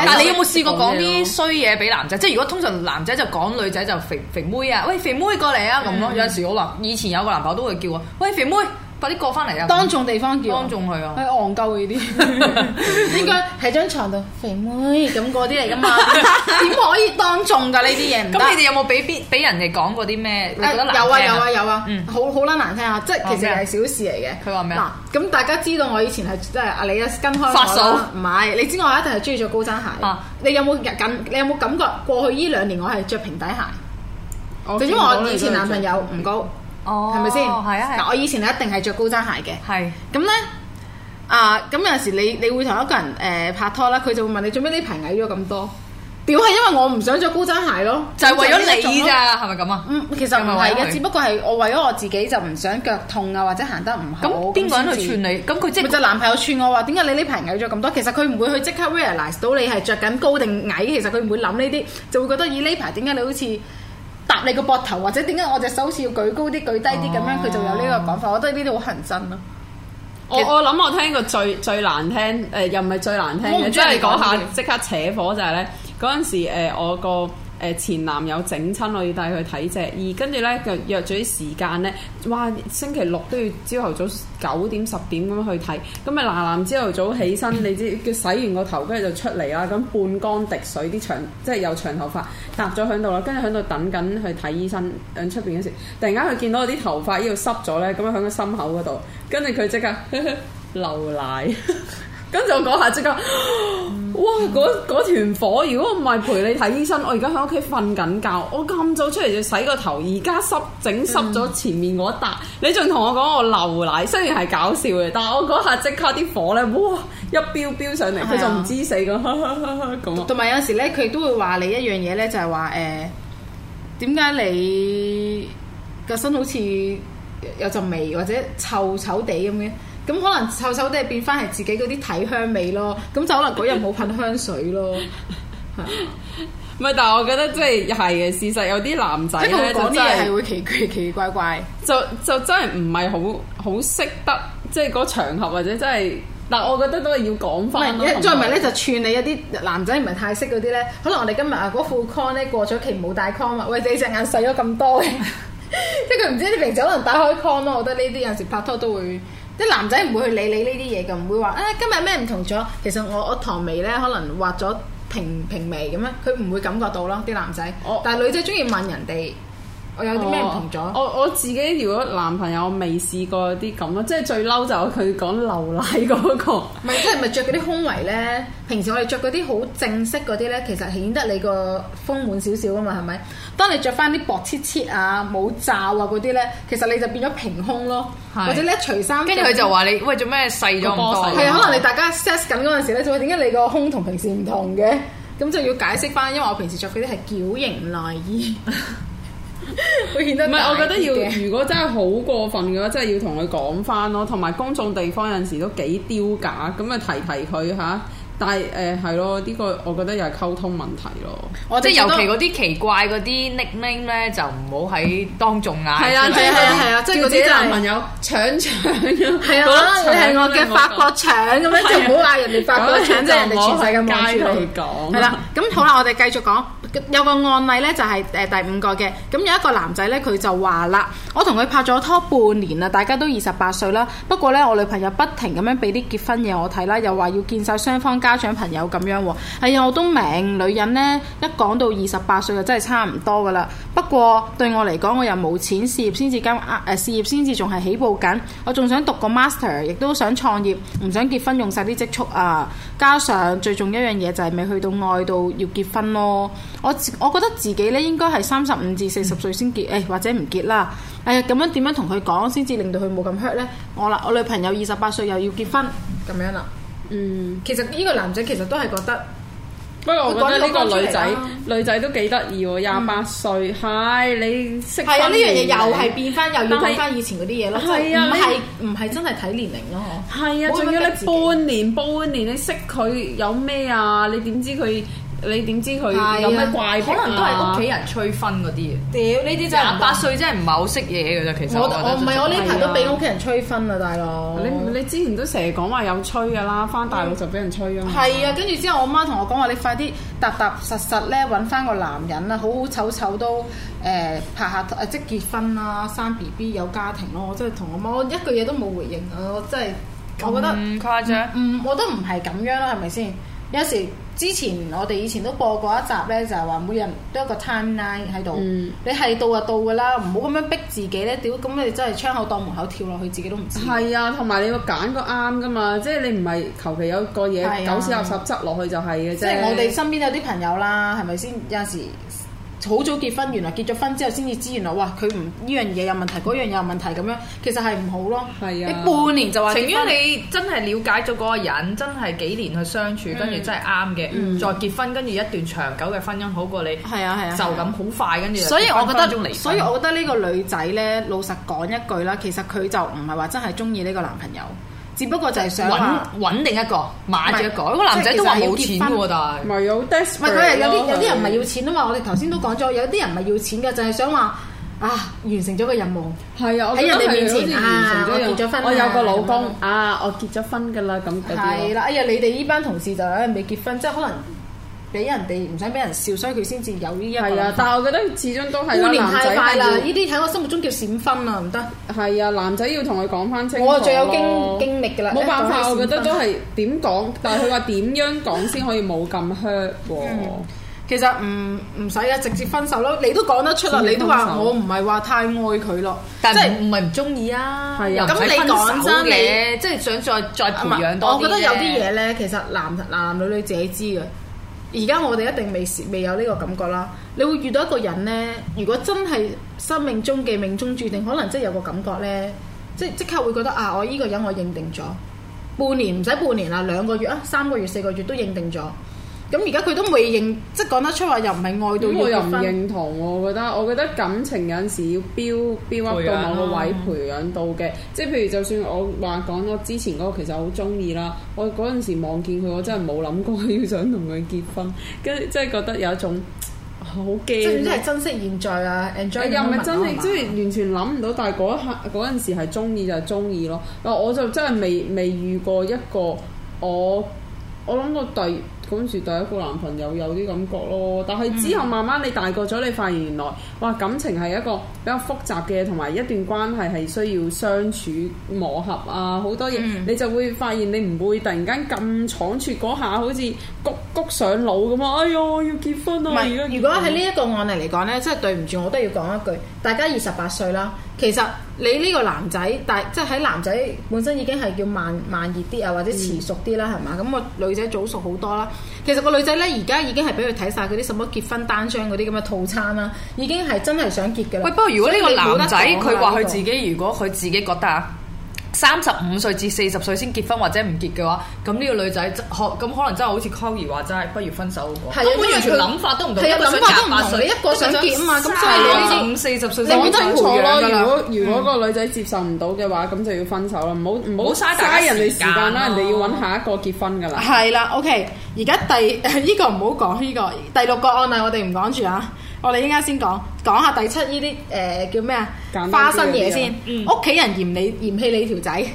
但你有冇試過講啲衰嘢俾男仔？即係如果通常男仔就講女仔就肥肥妹啊，喂肥妹過嚟啊咁咯。有陣時好話以前有個男朋友都會叫我，喂肥妹。快啲過翻嚟啊！當眾地方叫，當眾去啊，憨鳩呢啲，應該喺張床度肥妹咁嗰啲嚟噶嘛？點可以當眾㗎呢啲嘢唔得？咁你哋有冇俾俾人哋講過啲咩？有啊有啊有啊！好好撚難聽啊！即係其實係小事嚟嘅。佢話咩啊？咁大家知道我以前係即係啊李欣跟開我咯，唔係你知我一定係中意着高踭鞋。你有冇近你有冇感覺過去呢兩年我係着平底鞋？就因為我以前男朋友唔高。哦，係咪先？嗱，我以前就一定係着高踭鞋嘅。係咁咧，啊咁有陣時你你會同一個人誒拍拖啦，佢就會問你做咩呢排矮咗咁多？屌係因為我唔想著高踭鞋咯，就係為咗你咋，係咪咁啊？嗯，其實唔係嘅，只不過係我為咗我自己就唔想腳痛啊，或者行得唔好。咁邊個去串你？咁佢即係男朋友串我話：點解你呢排矮咗咁多？其實佢唔會去即刻 realize 到你係著緊高定矮嘅。其實佢唔會諗呢啲，就會覺得咦呢排點解你好似？揼你個膊頭，或者點解我隻手好似要舉高啲，舉低啲咁樣，佢、oh. 就有呢個講法，我覺得呢啲好恒真咯。我我諗我聽過最最難聽，誒、呃、又唔係最難聽，我即係你講下即刻扯火就係咧嗰陣時、呃、我個。誒，前男友整親我，要帶佢睇隻耳，跟住呢，就約咗啲時間呢。哇！星期六都要朝頭早九點十點咁樣去睇，咁咪嗱嗱朝頭早起身，你知佢洗完個頭，跟住就出嚟啦，咁半乾滴水啲長，即係有長頭髮搭，搭咗喺度啦，跟住喺度等緊去睇醫生。響出邊嗰時，突然間佢見到我啲頭髮要濕咗呢。咁樣喺個心口嗰度，跟住佢即刻呵呵，流奶。 跟住我嗰下即刻，哇！嗰團火，如果唔係陪你睇醫生，我而家喺屋企瞓緊覺。我咁早出嚟就洗個頭，而家濕整濕咗前面嗰笪。嗯、你仲同我講我流奶，雖然係搞笑嘅，但係我嗰下即刻啲火咧，哇！一飆飆上嚟，佢就唔知死咁。同埋、啊、有時咧，佢都會話你一樣嘢咧，就係話誒，點解你個身好似有陣味或者臭臭地咁嘅？咁可能後手都係變翻係自己嗰啲體香味咯，咁就可能嗰日冇噴香水咯，係咪 嗎？但係我覺得即係係嘅事實有，有啲男仔咧就真係會奇奇奇怪怪就，就就真係唔係好好識得即係嗰個場合或者真係但我覺得都係要講翻。再唔係咧就串你一啲男仔唔係太識嗰啲咧，可能我哋今日啊嗰副 con 咧過咗期冇戴 con 啊，喂你隻眼細咗咁多嘅， 即係佢唔知平時可能打開 con 咯，我覺得呢啲有時拍拖都會。啲男仔唔會去理你呢啲嘢嘅，唔會話啊今日咩唔同咗。其實我我唐眉咧，可能畫咗平平眉咁啊，佢唔會感覺到咯。啲男仔，oh. 但係女仔中意問人哋。我有啲咩唔同咗？我我自己如果男朋友，未試過啲咁咯，即係最嬲就佢講流奶嗰個。唔係，即係唔係著嗰啲胸圍咧？平時我哋着嗰啲好正式嗰啲咧，其實顯得你個豐滿少少啊嘛，係咪？當你着翻啲薄切切啊、冇罩啊嗰啲咧，其實你就變咗平胸咯。是或者你除衫，跟住佢就話你：喂，做咩細咗咁多？係啊，可能你大家 sex 緊嗰陣時咧，就會點解你個胸同平時唔同嘅？咁就要解釋翻，因為我平時着嗰啲係矯型內衣。 佢顯得唔係，我覺得要如果真係好過分嘅話，真係要同佢講翻咯。同埋公眾地方有陣時都幾丟架，咁啊提提佢吓。但係誒係咯，呢個我覺得又係溝通問題咯。即係尤其嗰啲奇怪嗰啲昵名咧，就唔好喺當眾嗌。係啊係啊係啊，叫自己男朋友搶搶。係啊，你係我嘅法國腸咁樣，就唔好嗌人哋法國腸，即係我哋全世界嚟講。係啦，咁好啦，我哋繼續講。有個案例咧就係、是、誒、呃、第五個嘅，咁、嗯、有一個男仔咧佢就話啦：，我同佢拍咗拖半年啦，大家都二十八歲啦。不過咧，我女朋友不停咁樣俾啲結婚嘢我睇啦，又話要見晒雙方家長朋友咁樣喎。係、哎、啊，我都明女人咧一講到二十八歲就真係差唔多噶啦。不過對我嚟講，我又冇錢，事業先至咁啊、誒事業先至仲係起步緊，我仲想讀個 master，亦都想創業，唔想結婚用晒啲積蓄啊！加上最重要一樣嘢就係未去到愛到要結婚咯，我我覺得自己咧應該係三十五至四十歲先結，誒、嗯哎、或者唔結啦。哎呀，咁樣點樣同佢講先至令到佢冇咁 hurt 呢？我啦，我女朋友二十八歲又要結婚，咁樣啦、啊。嗯，其實呢個男仔其實都係覺得。不過我覺得呢個女仔女仔都幾得意喎，廿八歲，係、嗯哎、你識，係啊！呢樣嘢又係變翻，又要講翻以前嗰啲嘢咯。係是啊，唔係唔係真係睇年齡咯。係啊，仲要你半年半年，你識佢有咩啊？你點知佢？你點知佢有乜怪、啊？可能都係屋企人催婚嗰啲啊！屌、嗯，呢啲真廿八歲真係唔係好識嘢嘅啫。我其實我唔係我呢排我純粹 都俾屋企人催婚是啊大哥，大佬！你你之前都成日講話有催嘅啦，返大陸就俾人催啊嘛！係、嗯、啊，跟住之後我媽同我講話，你快啲踏踏實實咧搵返個男人啦，好好丑醜都誒、呃、拍下即結婚啦，生 B B 有家庭咯，我真係同我媽，我一句嘢都冇回應我真係，我覺得咁、嗯、誇張？嗯，我都唔係咁樣咯，係咪先？有時。之前我哋以前都播過一集咧，就係、是、話每人都有個 timeline 喺度，嗯、你係到就到噶啦，唔好咁樣逼自己咧。屌，咁你真係窗口當門口跳落去，自己都唔知。係啊、嗯，同埋你要揀個啱噶嘛，即係你唔係求其有個嘢、嗯、狗屎垃圾執落去就係嘅。即係我哋身邊有啲朋友啦，係咪先有陣時？好早結婚，原來結咗婚之後先至知，原來哇佢唔呢樣嘢有問題，嗰樣有問題咁樣，其實係唔好咯。係啊，你、欸、半年就話情願你真係了解咗嗰個人，真係幾年去相處，跟住、嗯、真係啱嘅，嗯、再結婚，跟住一段長久嘅婚姻好過你。係啊係啊，啊啊就咁好快跟住。所以，我覺得，所以我覺得呢個女仔呢，老實講一句啦，其實佢就唔係話真係中意呢個男朋友。只不過就係想揾揾另一個買咗一個，嗰個男仔都話冇錢嘅喎，但係唔係有 desperate 有啲人唔係要錢啊嘛？我哋頭先都講咗，有啲人唔係要錢嘅，就係想話啊完成咗個任務。係啊，喺人哋面前完成咗，結咗婚。我有個老公啊，我結咗婚嘅啦，咁係啦。哎呀，你哋呢班同事就係未結婚，即係可能。俾人哋唔想俾人笑，所以佢先至有呢一個。係啊，但係我覺得始終都係顧念太快啦。呢啲喺我心目中叫閃婚啊，唔得。係啊，男仔要同佢講翻清楚。我最有經經歷噶啦。冇辦法，我覺得都係點講，但係佢話點樣講先可以冇咁 hurt 其實唔唔使啊，直接分手咯。你都講得出啦，你都話我唔係話太愛佢咯，但係唔係唔中意啊？咁你講真，你，即係想再再培養多啲。我覺得有啲嘢咧，其實男男男女女自己知嘅。而家我哋一定未未有呢個感覺啦，你會遇到一個人呢，如果真係生命中嘅命中注定，可能真係有個感覺呢，即即刻會覺得啊，我依個人我認定咗，半年唔使半年啦，兩個月啊，三個月四個月都認定咗。咁而家佢都未認，即係講得出話又唔係愛到咁，我又唔認同，我覺得我覺得感情有陣時要標標陪伴 到某個位，培養到嘅。即係譬如，就算我話講我之前嗰個其實好中意啦，我嗰陣時望見佢，我真係冇諗過要想同佢結婚，跟住即係覺得有一種好驚。即係珍惜現在啊、嗯、又唔係珍惜，是是即係完全諗唔到。但係嗰一刻嗰陣時係中意就係中意咯。但我就真係未未遇過一個我我諗過第。嗰陣時第一個男朋友有啲感覺咯，但係之後慢慢你大個咗，你發現原來哇感情係一個比較複雜嘅，同埋一段關係係需要相處磨合啊，好多嘢、嗯、你就會發現你唔會突然間咁倉促嗰下好似谷谷上腦咁啊！哎呀，要結婚啊！唔係，而家結婚，如果喺呢一個案例嚟講呢，真係對唔住，我都要講一句，大家二十八歲啦，其實。你呢個男仔，但即係喺男仔本身已經係叫慢慢熱啲啊，或者遲熟啲啦，係嘛、嗯？咁個女仔早熟好多啦。其實個女仔呢，而家已經係俾佢睇晒嗰啲什麼結婚單張嗰啲咁嘅套餐啦，已經係真係想結嘅啦。喂，不過如果呢個男仔佢話佢自己，如果佢自己覺得。三十五歲至四十歲先結婚或者唔結嘅話，咁呢個女仔可咁可能真係好似 Kylie 話，真係不如分手好過。我完全諗法都唔同。係啊，諗法都唔同你一個想結啊嘛。咁所以呢啲五四十歲，講清楚咯。如果如果個女仔接受唔到嘅話，咁就要分手啦。唔好唔好嘥大家人哋時間啦，人哋要揾下一個結婚㗎啦。係啦，OK，而家第依個唔好講，呢個第六個案例我哋唔講住啊。我哋依家先講，講下第七呢啲誒叫咩啊？點點花生嘢先。屋企、嗯、人嫌你嫌棄你條仔，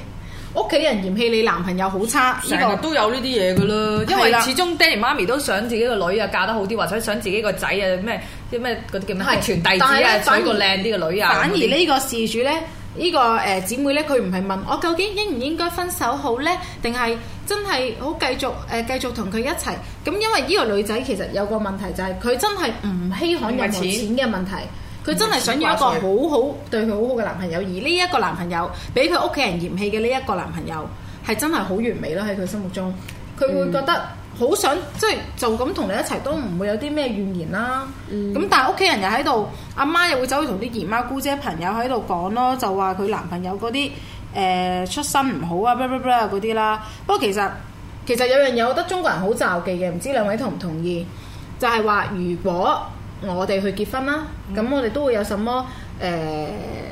屋企人嫌棄你男朋友好差，呢整天、呢個都有呢啲嘢嘅啦。嗯、因為始終爹哋媽咪都想自己個女啊嫁得好啲，或者了想自己個仔啊咩啲咩啲叫咩啊傳弟子啊娶個靚啲嘅女啊。反而呢個事主咧，呢個、姐呢個誒姊妹咧，佢唔係問我究竟應唔應該分手好咧，定係真係好繼續誒繼、呃、續同佢一齊，咁、嗯、因為呢個女仔其實有個問題就係佢真係唔稀罕任何錢嘅問題，佢真係想要一個好好對佢好好嘅男朋友，而呢一個男朋友俾佢屋企人嫌棄嘅呢一個男朋友係真係好完美咯喺佢心目中，佢會覺得好想、嗯、即係就咁同你一齊都唔會有啲咩怨言啦，咁、嗯嗯、但係屋企人又喺度，阿媽又會走去同啲姨媽姑姐朋友喺度講咯，就話佢男朋友嗰啲。誒、呃、出身唔好啊嗰啲 bl、ah, 啦。不過其實其實有樣嘢，我覺得中國人好詐忌嘅，唔知兩位同唔同意？就係、是、話，如果我哋去結婚啦，咁、嗯、我哋都會有什麼誒、呃、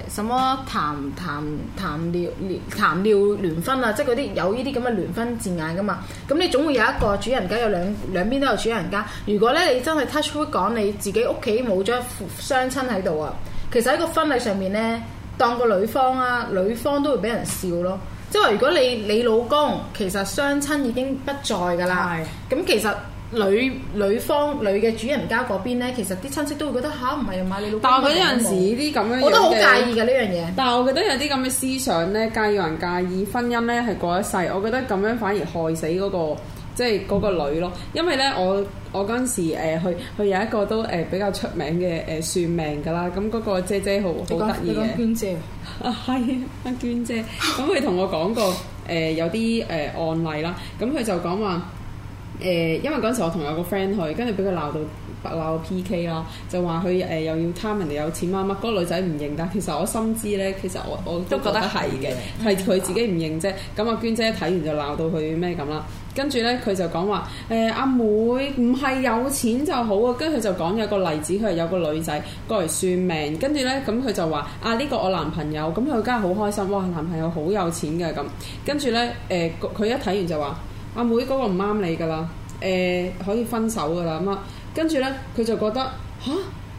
什麼談談談料聯談料聯婚啊，即係嗰啲有呢啲咁嘅聯婚字眼噶嘛。咁你總會有一個主人家，有兩兩邊都有主人家。如果咧你真係 touch wood 講你自己屋企冇咗雙親喺度啊，其實喺個婚禮上面咧。當個女方啊，女方都會俾人笑咯。即係話，如果你你老公其實雙親已經不在㗎啦，咁的其實女女方女嘅主人家嗰邊呢，其實啲親戚都會覺得吓，唔係啊嘛，你老公。但係有陣時啲咁樣我都好介意嘅呢樣嘢。但係我覺得有啲咁嘅思想呢，介意人介意，婚姻呢係過一世，我覺得咁樣反而害死嗰、嗰個。即係嗰個女咯，因為咧我我嗰陣時去去、呃、有一個都誒、呃、比較出名嘅誒、呃、算命噶啦，咁、嗰、嗰個姐姐好好得意嘅。你講你講娟姐，係啊，阿娟姐咁佢同我講過誒、呃、有啲誒、呃、案例啦，咁佢就講話誒，因為嗰陣時我同有個 friend 去，跟住俾佢鬧到鬧 PK 啦，K, 就話佢誒又要貪人哋有錢乜乜，嗰、嗰個女仔唔認，但其實我心知咧，其實我其實我，我，我都覺得係嘅，係佢 自己唔認啫。咁阿娟姐睇完就鬧到佢咩咁啦。跟住呢，佢就講話誒阿妹唔係有錢就好啊！跟住佢就講有個例子，佢係有個女仔過嚟算命，跟住呢，咁佢就話啊呢個我男朋友，咁佢家好開心，哇男朋友好有錢嘅。咁，跟住呢，誒、呃、佢一睇完就話阿妹嗰個唔啱你㗎啦，誒、呃、可以分手㗎啦，咁跟住呢，佢就覺得吓！啊」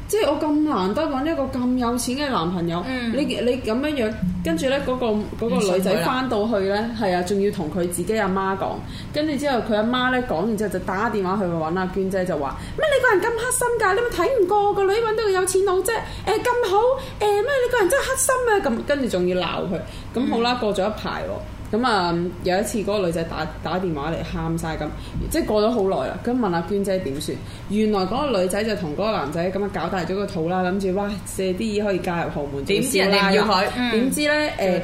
即係我咁難得揾一個咁有錢嘅男朋友，嗯、你你咁樣樣，跟住呢，嗰、嗰個嗰個女仔翻到去呢，係啊，仲要同佢自己阿媽講，跟住之後佢阿媽呢講完之後就打電話去揾阿娟姐就，就話咩你個人咁黑心㗎，你咪睇唔過個女揾到個有錢佬啫，誒、欸、咁好，誒、欸、咩你個人真係黑心啊，咁跟住仲要鬧佢，咁好啦，過咗一排喎。嗯咁啊、嗯，有一次嗰個女仔打打電話嚟喊晒，咁，即係過咗好耐啦。咁問阿娟姐點算？原來嗰個女仔就同嗰個男仔咁樣搞大咗個肚啦，諗住哇借啲嘢可以嫁入豪門。點知人唔要佢？點知咧？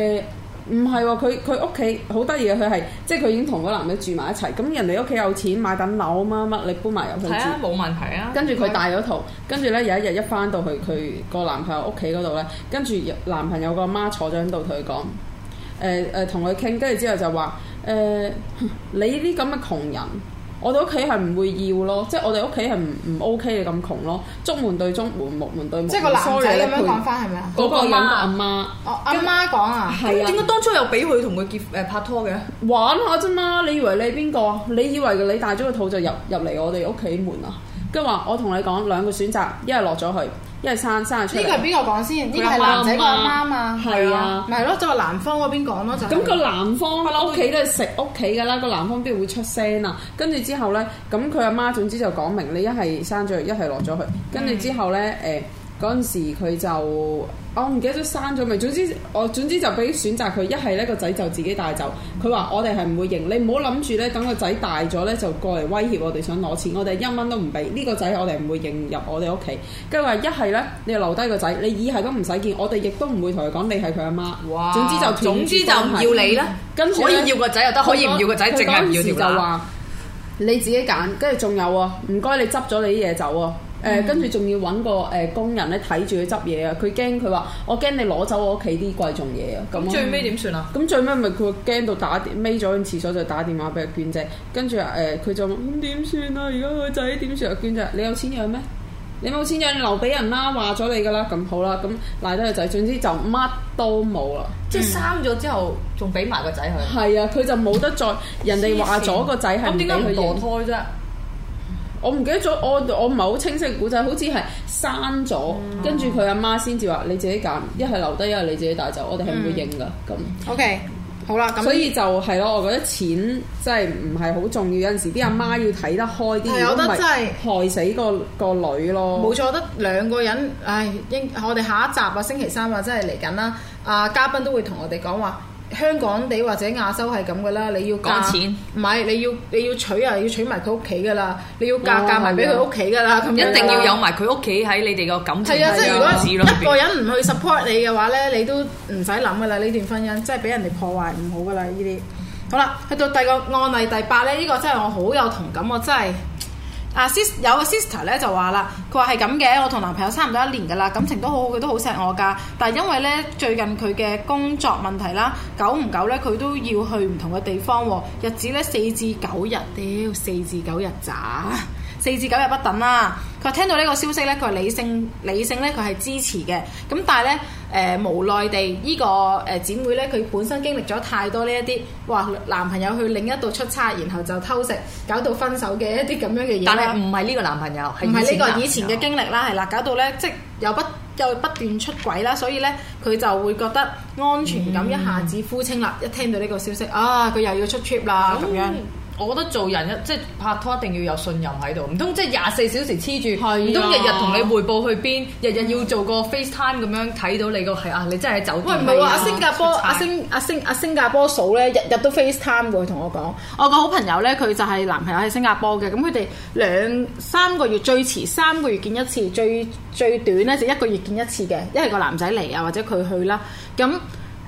誒唔係喎，佢佢屋企好得意嘅，佢係、呃哦、即係佢已經同嗰個男仔住埋一齊。咁人哋屋企有錢買緊樓啊嘛，乜你搬埋入去住？冇、啊、問題啊。跟住佢大咗肚，跟住咧有一日一翻到去佢個男朋友屋企嗰度咧，跟住男朋友個媽，媽坐咗喺度同佢講。誒誒，同佢傾，跟住之後就話誒、呃，你呢啲咁嘅窮人，我哋屋企係唔會要咯，即係我哋屋企係唔唔 OK 嘅咁窮咯，竹門對竹門，木門對木門，即係個男仔咁樣講翻係咪啊？嗰個阿媽，阿媽講啊，係啊。點解當初又俾佢同佢結誒、呃、拍拖嘅？玩下啫嘛，你以為你係邊個？你以為你大咗個肚就入入嚟我哋屋企門啊？跟住話，我同你講兩個選擇，一係落咗去，一係生生出嚟。呢個係邊個講先？呢個係男仔個阿媽，媽，媽，媽啊，係啊，咪咯、就係，就係男方嗰邊講就。咁個男方喺屋企都係食屋企㗎啦，個男方邊會出聲啊？跟住之後呢，咁佢阿媽總之就講明你一係生咗，一係落咗去。跟住、嗯、之後呢。誒、呃。嗰陣時佢就我唔記得咗刪咗未，總之我總之就俾選擇佢，一係呢個仔就自己帶走，佢話我哋係唔會認你，唔好諗住呢，等個仔大咗呢就過嚟威脅我哋想攞錢，我哋一蚊都唔俾，呢個仔我哋唔會認入我哋屋企，跟住話一係呢，你留低個仔，你二係咁唔使見，我哋亦都唔會同佢講你係佢阿媽。哇！總之就總之就唔要你啦。咁可以要個仔又得，可以唔要個仔，直係唔要就話你自己揀，跟住仲有喎，唔該你執咗你啲嘢走喎。誒，跟住仲要揾個誒、呃、工人咧，睇住佢執嘢啊！佢驚佢話：我驚你攞走我屋企啲貴重嘢啊！咁最尾點算啊？咁最尾咪佢驚到打，尾咗間廁所就打電話俾阿娟姐，跟住啊誒佢就點、嗯、算啊？而家個仔點算阿、啊、娟姐？你有錢養咩？你冇錢養留俾人啦！話咗你㗎啦，咁好啦，咁賴低個仔，總之就乜都冇啦。即係生咗之後，仲俾埋個仔佢。係啊，佢就冇得再人哋話咗個仔係點解佢墮胎啫。我唔記得咗，我我唔係好清晰嘅古仔，好似係刪咗，跟住佢阿媽先至話你自己揀，一係留低，一係你自己帶走。嗯、我哋係唔會認噶咁。嗯、那 o、okay, K，好啦，咁所以就係咯，我覺得錢真係唔係好重要。有陣時啲阿媽，媽要睇得開啲，如果唔係害死個個女咯。冇錯，我覺得兩個人唉，應我哋下一集啊，星期三啊，真係嚟緊啦。啊，嘉賓都會同我哋講話。香港地或者亞洲係咁噶啦，你要講錢，唔係你要你要娶啊，要娶埋佢屋企噶啦，你要嫁嫁埋俾佢屋企噶啦，哦、一定要有埋佢屋企喺你哋個感情係入的吧即係如果一個人唔去 support 你嘅話咧，你都唔使諗噶啦，呢、嗯、段婚姻即係俾人哋破壞唔好噶啦呢啲。好啦，去到第二個案例第八咧，呢、這個真係我好有同感，我真係。啊，uh, Sis，有個 sister 咧就話啦，佢話係咁嘅，我同男朋友差唔多一年噶啦，感情都好好，佢都好錫我噶。但係因為咧最近佢嘅工作問題啦，久唔久咧佢都要去唔同嘅地方喎、哦，日子咧四至九日，屌四至九日咋？四至九日不等啦、啊。佢話聽到呢個消息呢，佢話理性理性呢，佢係支持嘅。咁但係呢，誒、呃、無奈地、這個、妹呢個誒姊妹咧，佢本身經歷咗太多呢一啲，話男朋友去另一度出差，然後就偷食，搞到分手嘅一啲咁樣嘅嘢、啊、但係唔係呢個男朋友，唔係呢個以前嘅經歷啦、啊，係嗱的，搞到呢，即又不又不斷出軌啦，所以呢，佢就會覺得安全感一下子枯清啦。嗯、一聽到呢個消息啊，佢又要出 trip 啦咁樣。我覺得做人一即係拍拖，一定要有信任喺度，唔通即係廿四小時黐住，唔通日日同你匯報去邊，日日要做個 FaceTime 咁樣，睇到你個係啊，你真係喺酒店。喂，唔係喎，阿、啊、新加坡阿星阿星阿新加坡嫂咧，日日都 FaceTime 會，同我講。我個好朋友咧，佢就係男朋友喺新加坡嘅，咁佢哋兩三個月最遲三個月見一次，最最短咧就一個月見一次嘅，一係個男仔嚟啊，或者佢去啦，咁。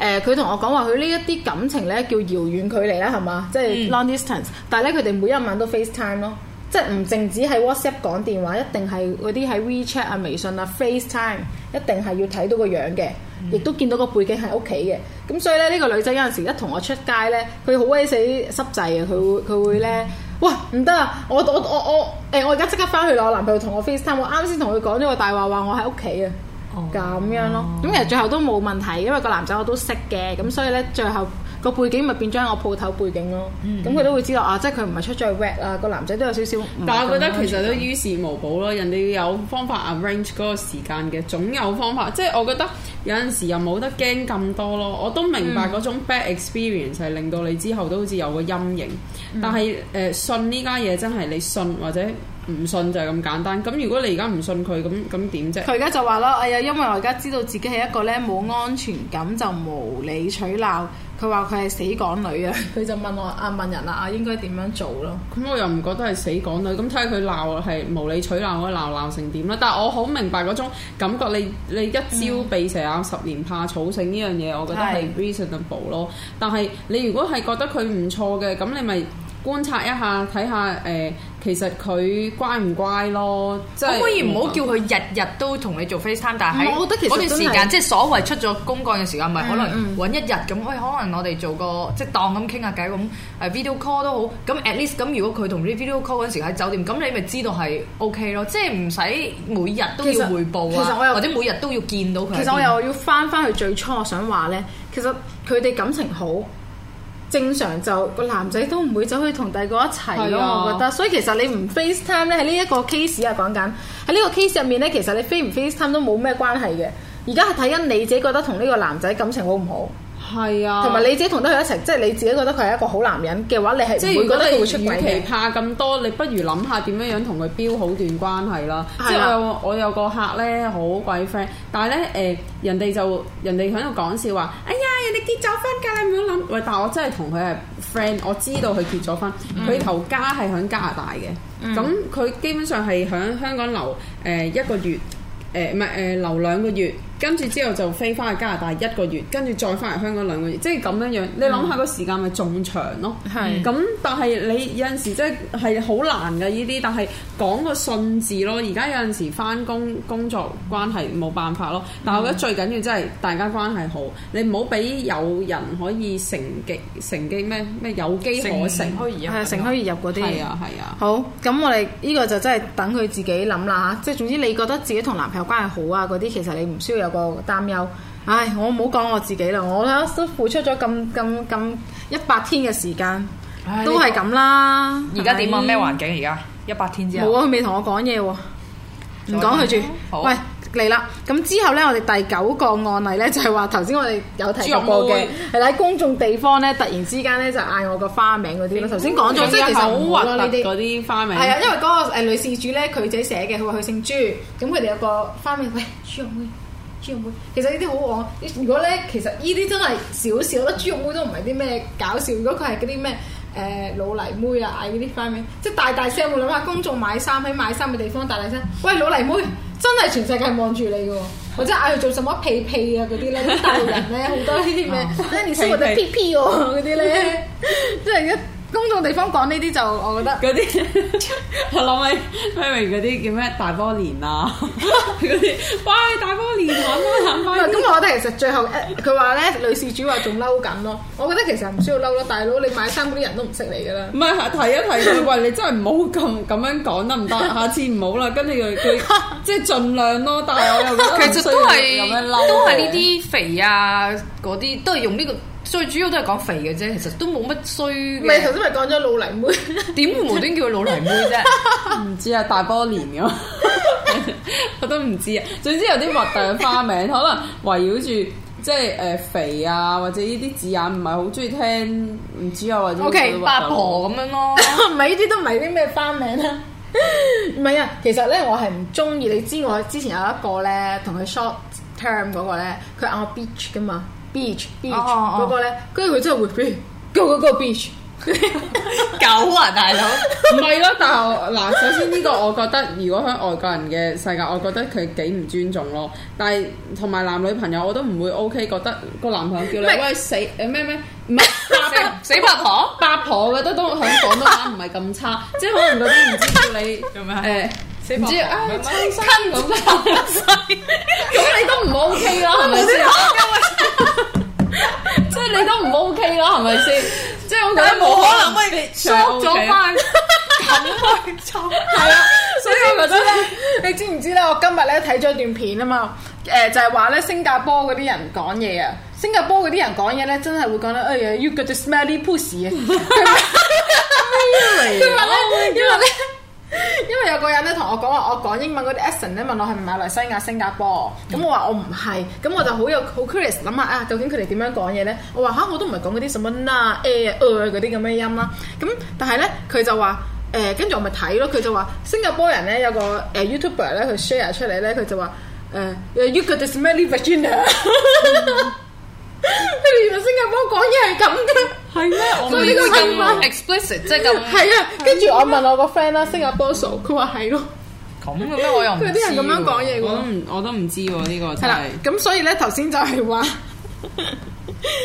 誒佢同我講話佢呢一啲感情咧叫遙遠距離啦，係嘛？即係 long distance、嗯但。但係咧佢哋每一晚都 FaceTime 咯，即係唔淨止喺 WhatsApp 講電話，一定係嗰啲喺 WeChat 啊、微信啊 FaceTime，一定係要睇到個樣嘅，嗯、亦都見到個背景喺屋企嘅。咁所以咧呢、呢個女仔有陣時一同我出街咧，佢好鬼死濕滯啊。佢會佢會咧，哇唔得啊！我我我我誒、欸、我而家即刻翻去啦！我男朋友同我 FaceTime，我啱先同佢講咗個大話，話我喺屋企啊！咁樣咯，咁、哦、其實最後都冇問題，因為個男仔我都識嘅，咁所以呢，最後個背景咪變咗我鋪頭背景咯。咁佢、嗯嗯、都會知道啊，即係佢唔係出咗去搲啊，個男仔都有少少、啊。但係我覺得其實都於事無補咯，人哋有方法 arrange 嗰個時間嘅，總有方法。即係我覺得有陣時又冇得驚咁多咯。我都明白嗰種 bad experience 係令到你之後都好似有個陰影，嗯、但係誒、呃、信呢家嘢真係你信或者，唔信就係咁簡單。咁如果你而家唔信佢，咁咁點啫？佢而家就話咯，哎呀，因為我而家知道自己係一個咧冇安全感就無理取鬧。佢話佢係死港女啊，佢 就問我啊問人啦啊，啊，應該點樣做咯？咁我又唔覺得係死港女。咁睇下佢鬧啊，係無理取鬧，我鬧鬧成點啦？但係我好明白嗰種感覺，你你一朝被蛇咬、啊，嗯、十年怕草繩呢樣嘢，我覺得係 reasonable 咯。是但係你如果係覺得佢唔錯嘅，咁你咪。觀察一下，睇下誒，其實佢乖唔乖咯？即係可唔可以唔好叫佢日日都同你做 FaceTime？但係我覺得嗰段時間，是即係所謂出咗公幹嘅時間，咪、嗯、可能揾一日咁。喂、嗯，可能我哋做個即係當咁傾下偈咁，誒、嗯、video call 都好。咁 at least 咁，如果佢同啲 video call 嗰陣時喺酒店，咁你咪知道係 OK 咯。即係唔使每日都要匯報啊，其實其實我或者每日都要見到佢。其實我又要返返去最初我想話咧，其實佢哋感情好。正常就個男仔都唔會走去同第個一齊咯，是的 我覺得。所以其實你唔 FaceTime 咧，喺呢一個 case 啊，講緊喺呢個 case 入面咧，其實你 Face 唔 FaceTime 都冇咩關係嘅。而家係睇緊你自己覺得同呢個男仔感情好唔好？係啊，同埋你自己同得佢一齊，即係你自己覺得佢係一個好男人嘅話，你係即係會覺得佢會出奇。與其怕咁多，你不如諗下點樣樣同佢標好段關係啦。即係、啊、我，我有個客咧，好鬼 friend，但係咧誒人哋就人哋喺度講笑話，哎呀人哋結咗婚㗎，你唔好諗喂！但我真係同佢係 friend，我知道佢結咗婚，佢頭、嗯、家係喺加拿大嘅，咁佢、嗯、基本上係喺香港留誒一個月，誒唔係誒留兩個月。跟住之後就飛翻去加拿大一個月，跟住再翻嚟香港兩個月，即係咁樣樣。你諗下個時間咪仲長咯？係。咁但係你有陣時即係係好難嘅呢啲，但係講個信字咯。而家有陣時翻工工作關係冇辦法咯。但係我覺得最緊要真係大家關係好，你唔好俾有人可以成機成機乘機乘機咩咩有機可乘，係成可而入乘虛而入嗰啲。係啊係啊。啊好，咁我哋呢個就真係等佢自己諗啦嚇。即係總之你覺得自己同男朋友關係好啊嗰啲，其實你唔需要有擔憂，唉，我唔好講我自己啦，我都付出咗咁咁咁一百天嘅時間，唉都係咁啦。而家點啊？咩環嗎境而家？一百天之後，冇啊！佢未同我講嘢喎，唔講佢住。好喂，嚟啦！咁之後咧，我哋第九個案例咧，就係話頭先我哋有提及過嘅，係喺公眾地方咧，突然之間咧就嗌我個花名嗰啲咯。頭先講咗即係其實好核突呢啲花名。係啊，因為嗰個誒女事主咧，佢自己寫嘅，佢話佢姓朱，咁佢哋有個花名喂朱玉妹。豬肉妹，其實呢啲好惡，如果咧，其實依啲真係少少。我覺得豬肉妹都唔係啲咩搞笑。如果佢係嗰啲咩誒老泥妹啊，嗌啲塊面，即係大大聲，會諗下公眾買衫喺買衫嘅地方大大聲。喂，老泥妹，真係全世界望住你㗎喎！或者嗌佢做什麼屁屁啊嗰啲咧，大 人咧好多呢啲咩，你係我的屁屁哦嗰啲咧，真係嘅。公眾地方講呢啲就，我覺得嗰啲係諗起，因為嗰啲叫咩大波年啊，嗰啲喂大波年啊，咁我覺得其實最後佢話咧，女事主話仲嬲緊咯。我覺得其實唔需要嬲咯，大佬你買衫嗰啲人都唔識你噶啦。唔係，提一提佢，喂，你真係唔好咁咁樣講得唔得？下次唔好啦，跟住佢即係盡量咯。但係我又覺得，其實都係都係呢啲肥啊嗰啲，都係用呢個。最主要都係講肥嘅啫，其實都冇乜衰唔係，咪頭先咪講咗老泥妹，點無端叫佢老泥妹啫？唔 知啊，大波年咁， 我都唔知啊。總之有啲核突嘅花名， 可能圍繞住即係誒、呃、肥啊，或者呢啲字眼唔係好中意聽，唔知啊或者。OK，八婆咁樣咯，唔係呢啲都唔係啲咩花名啊？唔係 啊，其實咧我係唔中意。你知我之前有一個咧同佢 short term 嗰、嗰個咧，佢嗌我，我 bitch 噶嘛。beach beach 嗰個咧，跟住佢真係會飛，嗰個嗰個 bitch 狗啊大佬，唔係咯，但係嗱首先呢個我覺得如果喺外國人嘅世界，我覺得佢幾唔尊重咯。但係同埋男女朋友我都唔會 ok，覺得個男朋友叫你喂死誒咩咩，唔係八婆死八婆，八婆我覺得都喺廣東話唔係咁差，即係可能嗰啲唔知叫你誒死唔知哎親親咁樣，咁你都唔 ok 咯，係咪先？即係你都唔 OK 啦，係咪先？即係我覺得冇可能可以縮咗翻咁開心。係啊， 所以我咪先咧，你知唔知咧？我今日咧睇咗一段片啊嘛。誒就係話咧，新加坡嗰啲人講嘢啊，新加坡嗰啲人講嘢咧，真係會講得哎呀 you got to smell the pussy。係 啊，Oh my god。 因為有個人咧同我講話，我講英文嗰啲 accent 咧問我係唔係馬來西亞、新加坡，咁我話我唔係，咁、嗯、我就好有好 curious 諗下啊，究竟佢哋點樣講嘢咧？我話吓、啊，我都唔係講嗰啲什麼 na、a、啊、r 嗰啲咁嘅音啦，咁、啊啊啊啊、但係咧佢就話誒，跟、呃、住我咪睇咯，佢就話新加坡人咧有個誒、呃、YouTuber 咧佢 share 出嚟咧，佢就話誒、呃、You could smell the vagina 你原來新加坡講嘢係咁噶，係咩？我唔知。呢 個英文 explicit 即係咁。係啊 嗎，跟住嗎我問我個 friend 啦，新加坡數，佢話係咯。咁嘅咩？我又唔。佢啲 人咁樣講嘢，我都我都唔知喎、就是。呢個真係。係啦，咁所以咧，頭先就係話。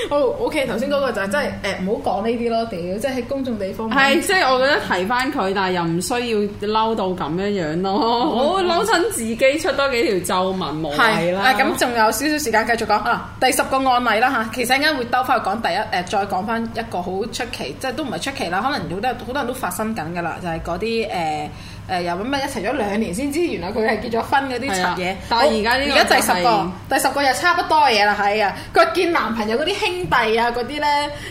好、oh, OK，頭先嗰個就係即係是誒，唔好講呢啲咯，屌， 即係喺公眾地方。係，即係我覺得提翻佢，但係又唔需要嬲到咁樣樣咯。好，嬲 親 自己出多幾條皺紋冇謂啦。係，咁仲是、 啊、有少少時間繼續講啊，第十個案例啦吓。其實陣間會兜翻去講第一誒、呃，再講翻一個好出奇，即係都唔係出奇啦，可能好多好多人都發生緊噶啦，就係嗰啲誒。呃誒、呃、又咁咩一齊咗兩年先知，原來佢係結咗婚嗰啲嘢。但係而家呢個係、就係哦、第十個，第十個又差唔多嘢啦。係啊，佢見男朋友嗰啲兄弟啊嗰啲咧，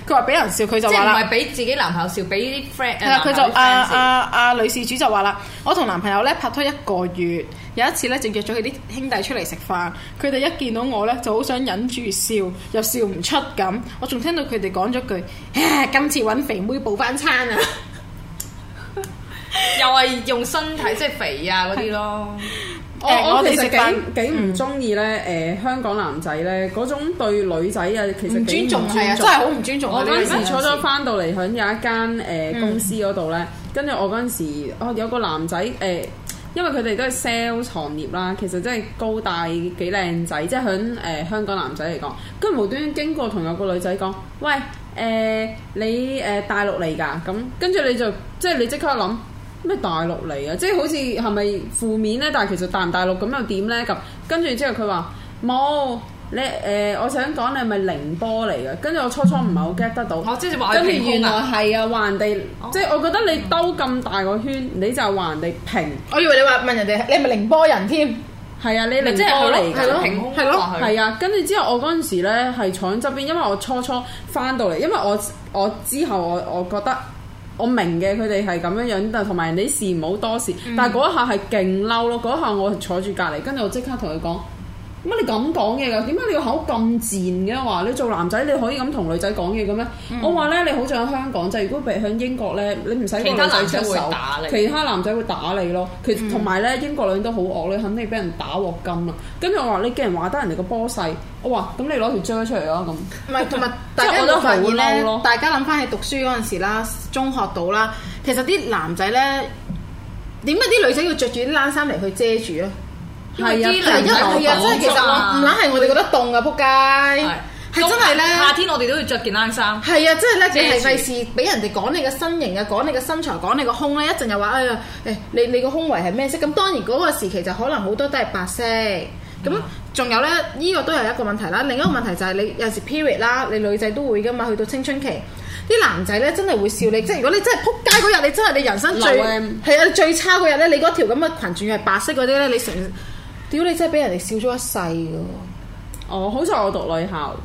佢話俾人笑，佢即係就話啦，即係唔係俾自己男朋友笑，俾啲 friend 佢就啊啊啊，女事主就話啦，我同男朋友咧拍拖一個月，有一次咧就約咗佢啲兄弟出嚟食飯，佢哋一見到我咧就好想忍住笑，又笑唔出咁，我仲聽到佢哋講咗句，唉，今次揾肥妹補翻餐啊！又係用身體，即係肥啊嗰啲咯。我我、 哦、其實幾幾唔中意咧。誒、嗯呃，香港男仔咧嗰種對女仔啊，其實唔尊重係啊，真係好唔尊重。我嗰陣時初初翻到嚟響有一間誒、呃、公司嗰度咧，跟住我嗰陣時哦有個男仔誒、呃，因為佢哋都係 sales 行業啦，其實真係高大幾靚仔，即係響誒香港男仔嚟講，跟住無端端經過同有個女仔講，喂誒，你誒大陸嚟噶。咁，跟住你就即係 你即刻諗。咩大陸嚟啊？即係好似係咪負面咧？但係其實大唔大陸咁又點咧咁？跟住之後佢話冇你誒，我想講你係咪寧波嚟嘅？跟住我初初唔係好 get 得到，跟住原來係啊，話人哋。」即係我覺得你兜咁大個圈，你就話人哋平。我以為你話問人哋，你係咪寧波人添？係啊，你寧波嚟嘅，平空掛佢。係咯，係啊。跟住之後我嗰陣時咧係坐喺側邊，因為我初初翻到嚟，因為我我之後我我覺得。.我明嘅，佢哋係咁樣樣，但同埋你事唔好多事。嗯、但係嗰一下係勁嬲咯，嗰一下我坐住隔離，跟住我即刻同佢講。乜你咁講嘢噶？點解你個口咁賤嘅？話你做男仔你可以咁同女仔講嘢嘅咩？嗯、我話咧，你好似喺香港就係如果譬如喺英國咧，你唔使個女出手，其他男仔會打你咯。其他男仔會打你咯。同埋咧，英國女都好惡，你肯定俾人打鑊金啦。跟住我話你既然話得人哋個波細，我話咁你攞條遮出嚟啊咁。唔係，同埋大家都發現咧，大家諗翻起讀書嗰陣時啦，中學到啦，其實啲男仔咧，點解啲女仔要着住啲冷衫嚟去遮住咧？係啊，一係啊，即係其實唔懶係我哋覺得凍啊，仆街係真係咧。夏天我哋都要着件冷衫。係啊住，即係咧，即係你係費事俾人哋講你嘅身形啊，講你嘅身材，講你嘅胸咧。一陣又話，哎呀，誒你你個胸圍係咩色？咁當然嗰個時期就可能好多都係白色。咁仲、嗯、有咧，呢、呢個都係一個問題啦。另一個問題就係你有時 period 啦，你女仔都會㗎嘛。去到青春期，啲男仔咧真係會笑你。嗯、即係如果你真係仆街嗰日，你真係你人生最係行啊最差嗰日咧，你嗰條咁嘅裙轉係白色嗰啲咧，你成。屌你真係俾人哋笑咗一世嘅哦，好彩我讀女校。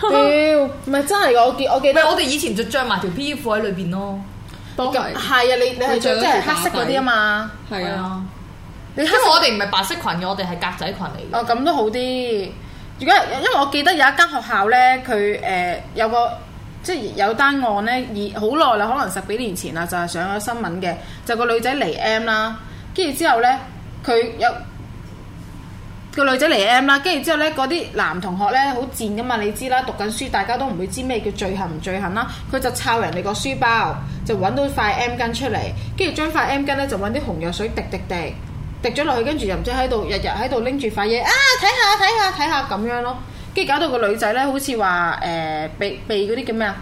屌，唔係真係嘅。我記得我記，唔我哋以前著著埋條 P.E. 褲喺裏邊咯不。多嘅係啊，你你係着即係黑色嗰啲啊嘛。係啊，因為我哋唔係白色裙嘅，我哋係格仔裙嚟嘅、嗯。哦，咁都好啲。如果因為我記得有一間學校咧，佢誒、呃、有個即係有單案咧，二好耐啦，可能十幾年前啦，就係、是、上咗新聞嘅，就是、個女仔嚟 M 啦，跟住之後咧佢有。個女仔嚟 M 啦，跟住之後咧，嗰啲男同學咧好賤噶嘛，你知啦，讀緊書大家都唔會知咩叫罪行唔罪行啦。佢就摷人哋個書包，就揾到塊 M 巾出嚟，跟住將塊 M 巾咧就揾啲紅藥水滴滴滴，滴，滴咗落去，跟住又唔知喺度日日喺度拎住塊嘢啊，睇下睇下睇下咁樣咯。跟住搞到個女仔咧，好似話誒被被嗰啲叫咩啊？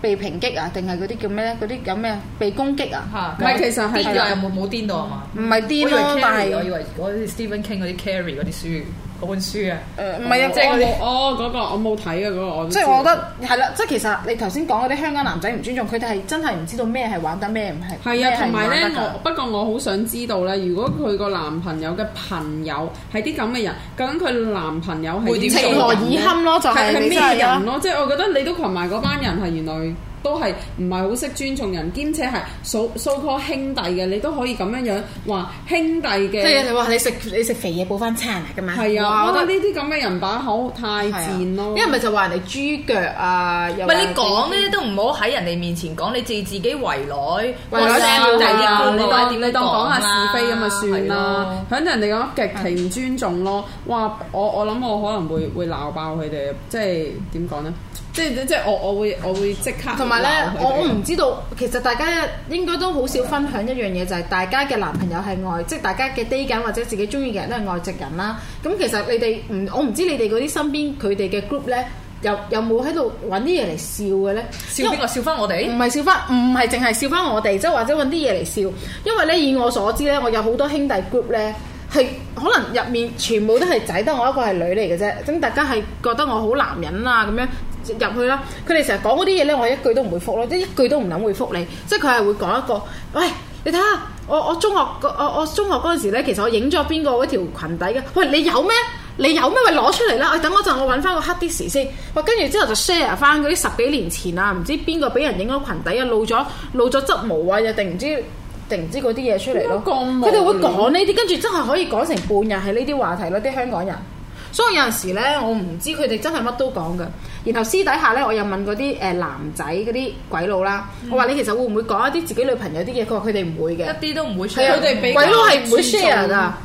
被抨擊啊？定係嗰啲叫咩咧？嗰啲叫咩？被攻擊啊？唔係哈、嗯、其實係，癲又冇冇癲到啊嘛？唔係癲咯，但係我以為 Cary, 是我啲 Stephen King 嗰啲 Carry 嗰啲書。嗰本書嘅、啊呃，誒唔係啊，即係我哦嗰、嗰個我冇睇啊，嗰個我，即係我覺得係啦，即、嗯、係、就係、其實你頭先講嗰啲香港男仔唔尊重，佢哋係真係唔知道咩係玩得，咩唔係。係啊，同埋咧，得我不過我好想知道咧，如果佢個男朋友嘅朋友係啲咁嘅人，究竟佢男朋友會點？情何以堪咯，就係你咩人咯你啊！即係我覺得你都群埋嗰班人係原來。都係唔係好識尊重人，兼且係 so so close 兄弟嘅，你都可以咁樣樣話兄弟嘅。即係你話你食你食肥嘢補翻餐嚟嘅嘛？係啊，我覺得呢啲咁嘅人把口太賤咯。因為咪就話人哋豬腳啊，唔係你講呢都唔好喺人哋面前講你自己自己為女，為咗贏、哦、你當點？講下、啊、是非咁啊算啦，響到了人哋咁極其唔尊重咯。哇！我我諗我，我可能會會鬧爆佢哋，即係點講呢？即即即我我會我會即刻同埋咧，他們 我唔知道。其實大家應該都好少分享一樣嘢，就係、是、大家嘅男朋友係外即，大家嘅低 a 或者自己中意嘅人都係外籍人啦。咁其實你哋唔我唔知你哋嗰啲身邊佢哋嘅 group 咧，有又冇喺度揾啲嘢嚟笑嘅咧？笑邊誰個？為笑翻我哋唔係笑翻，唔係淨係笑翻我哋，即、就是、或者揾啲嘢嚟笑。因為咧，以我所知咧，我有好多兄弟 group 咧，係可能入面全部都係仔，得我一個係女嚟嘅啫。咁大家係覺得我好男人啊咁樣。入去啦！佢哋成日講嗰啲嘢咧，我一句都唔會覆咯，即係一句都唔諗會覆你。即係佢係會講一個，喂，你睇下我我中學我我中學嗰陣時咧，其實我影咗邊個嗰條裙底嘅。喂，你有咩？你有咩？喂，攞出嚟啦！等我陣，我揾翻個黑啲時先。喂，跟住之後就 share 翻嗰啲十幾年前啊，唔知邊個俾人影咗裙底啊，露咗露咗側毛啊，又定唔知定唔知嗰啲嘢出嚟咯。佢哋會講呢啲，跟住真係可以講成半日係呢啲話題咯。啲香港人，所以有陣時咧，我唔知佢哋真係乜都講噶。然後私底下咧，我又問嗰啲誒男仔嗰啲鬼佬啦，我話你其實會唔會講一啲自己女朋友啲嘢？佢話佢哋唔會嘅，一啲都唔會，佢哋 a 鬼佬係唔會 share 啊，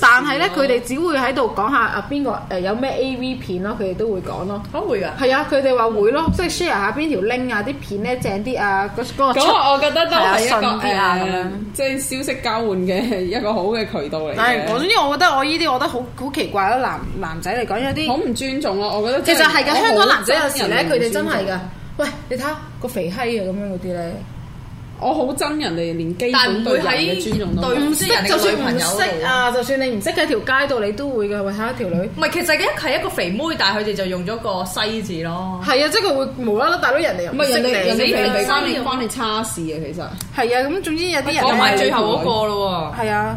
但係咧，佢哋只會喺度講下啊，邊個誒有咩 AV 片咯，佢哋都會講咯。可會㗎？係啊，佢哋話會咯，即係 share 下邊條 link 啊，啲片咧正啲啊，嗰嗰個出嚟啊，新啲啊，咁我覺得都係，即係消息交換嘅一個好嘅渠道嚟。我總之我覺得我呢啲，我覺得好好奇怪咯，男男仔嚟講有啲好唔尊重咯，我覺得。其實係嘅，香港男。即係有時咧，佢哋真係噶。喂，你睇下，個肥閪啊，咁樣嗰啲咧，我好憎人哋連基本對人嘅尊重都冇。就算唔識啊，就算你唔識喺條街度，你都會嘅。喂，下一條女，唔係其實佢一係一個肥妹，但係佢哋就用咗個西字咯。係啊，即係佢會無啦啦帶到人哋入唔係人哋人哋三年翻你叉事啊，其實係啊。咁總之有啲人講埋最後嗰個咯喎。係啊，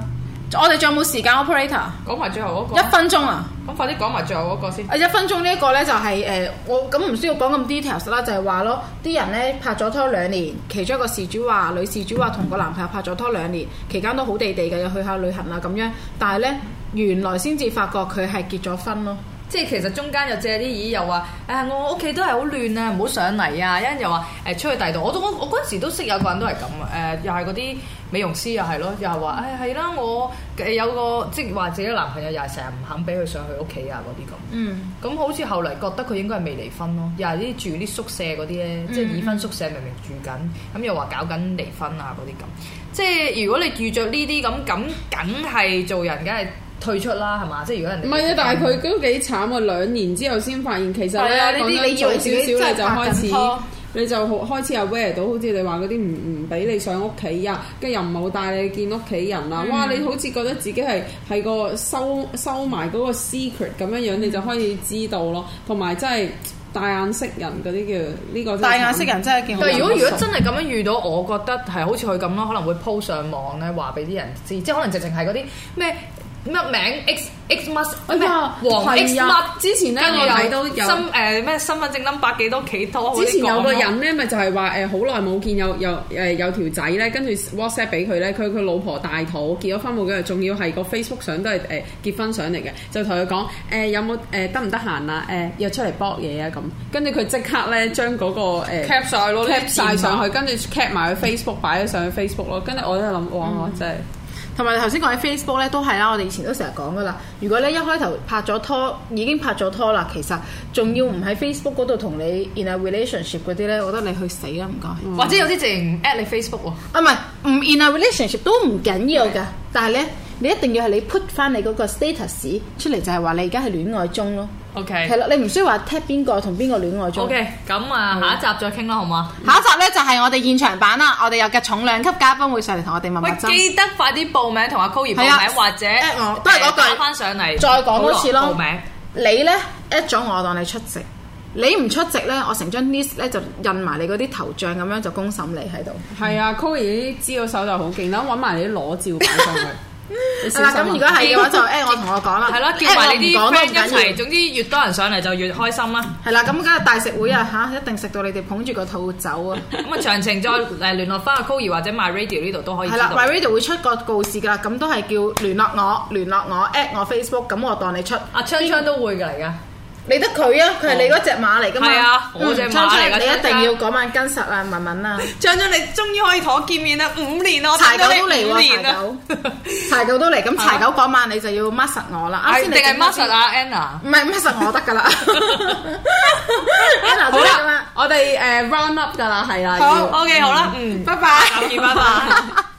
我哋仲有冇時間？Operator，講埋最後嗰個一分鐘啊！咁快啲講埋最後嗰個先。啊，一分鐘呢一個咧就係、是、誒、呃、我咁唔、嗯、需要講咁 details 啦，就係話咯，啲人咧拍咗拖兩年，其中一個事主話女事主話同個男朋友拍咗拖兩年，期間都好地地嘅，又去下旅行啊咁樣，但係咧原來先至發覺佢係結咗婚咯。即係其實中間又借啲椅又話，誒、哎、我屋企都係好亂啊，唔好上嚟啊！一陣又話誒、欸、出去第度，我都我我嗰陣時都識有個人都係咁啊，誒、呃、又係嗰啲美容師又係咯，又係話誒係啦，我有個即係或者自己男朋友又係成日唔肯俾佢上去屋企啊嗰啲咁。嗯，咁好似後嚟覺得佢應該係未離婚咯、啊，又係啲住啲宿舍嗰啲咧，嗯、即係已婚宿舍明明住緊，咁又話搞緊離婚啊嗰啲咁。即係如果你遇着呢啲咁，咁梗係做人梗係，退出啦，係嘛？即係如果人唔係啊，但係佢都幾慘啊！兩年之後先發現，其實咧講真，做少少你就開始，著你就好開始 aware 到，好似你話嗰啲唔唔俾你上屋企啊，跟住又唔好帶你見屋企人啊，嗯、哇！你好似覺得自己係係個收收埋嗰個 secret 咁樣樣，你就開始知道咯，同埋、嗯、真係帶眼識人嗰啲叫呢個帶眼識人真係好。但如果如果真係咁樣遇到，我覺得係好似佢咁咯，可能會 po 上網咧，話俾啲人知，即係可能直情係嗰啲咩？乜名 X X 乜哎呀，黃呀 X 乜 Xmas？之前咧我睇到有，呃、身咩身份證 number 幾多幾多、幾多？之前有個人咧，咪就係話誒好耐冇見，有有誒、呃、有條仔咧，跟住 WhatsApp 俾佢咧，佢佢老婆大肚結咗婚冇幾日，仲要係個 Facebook 相都係誒、呃、結婚相嚟嘅，就同佢講誒有冇誒得唔得閒啊？誒、呃、約出嚟博嘢啊咁。跟住佢即刻咧將嗰個誒 cap 曬咯，cap 曬上去，跟住 cap 埋去 Facebook 擺咗上去 Facebook 咯。跟住我真係諗哇，我真係～、嗯同埋頭先講起 Facebook 咧都係啦，我哋以前都成日講噶啦。如果咧一開頭拍咗拖，已經拍咗拖啦，其實仲要唔喺 Facebook 嗰度同你 in a relationship 嗰啲咧，我、嗯、覺得你去死啦，唔該。嗯、或者有啲直接 at 你 Facebook 喎、啊，啊唔係唔 in a relationship 都唔緊要嘅，對 但係咧你一定要係你 put 翻你嗰個 status 出嚟，就係話你而家係戀愛中咯。O K，係啦，你唔需要話踢邊個同邊個戀愛咗。O K，咁啊，下一集再傾啦，好嘛？下一集咧就係、是、我哋現場版啦，我哋有嘅重量級嘉賓會上嚟同我哋問話。喂，記得快啲報名同阿溝兒報名，的或者我，都係嗰句，翻、呃、上嚟再講多次咯。你咧踢咗我當你出席，你唔出席咧，我成張 list 咧就印埋你嗰啲頭像咁樣就公審你喺度。係啊，溝兒，知我手就好勁啦，搵埋你啲裸照擺上去。 係啦，咁如果係嘅話就@我同我講啦，係咯，叫埋你啲 friend 一齊，總之越多人上嚟就越開心啦。係啦，咁今日大食會啊嚇，一定食到你哋捧住個肚走啊！咁啊，詳情再誒聯絡翻個溝兒或者 my radio 呢度都可以。係啦，my radio 會出個告示㗎，咁都係叫聯絡我，聯絡我@我 Facebook，咁我當你出。阿昌昌都會嘅嚟㗎。你得佢啊，佢係你嗰隻馬嚟噶嘛？嗰隻馬嚟噶，你一定要嗰晚跟實啊，文文啊！張張你終於可以同我見面啦，五年咯，柴狗都嚟喎，柴狗，柴狗都嚟，咁柴狗嗰晚你就要 match 實我啦。啱先你定係 match 實阿 Anna？唔係 match 實我得噶啦。Anna，最叻。我哋誒 round up 噶啦，係啦。好，OK，好啦，嗯，拜拜，九二拜拜。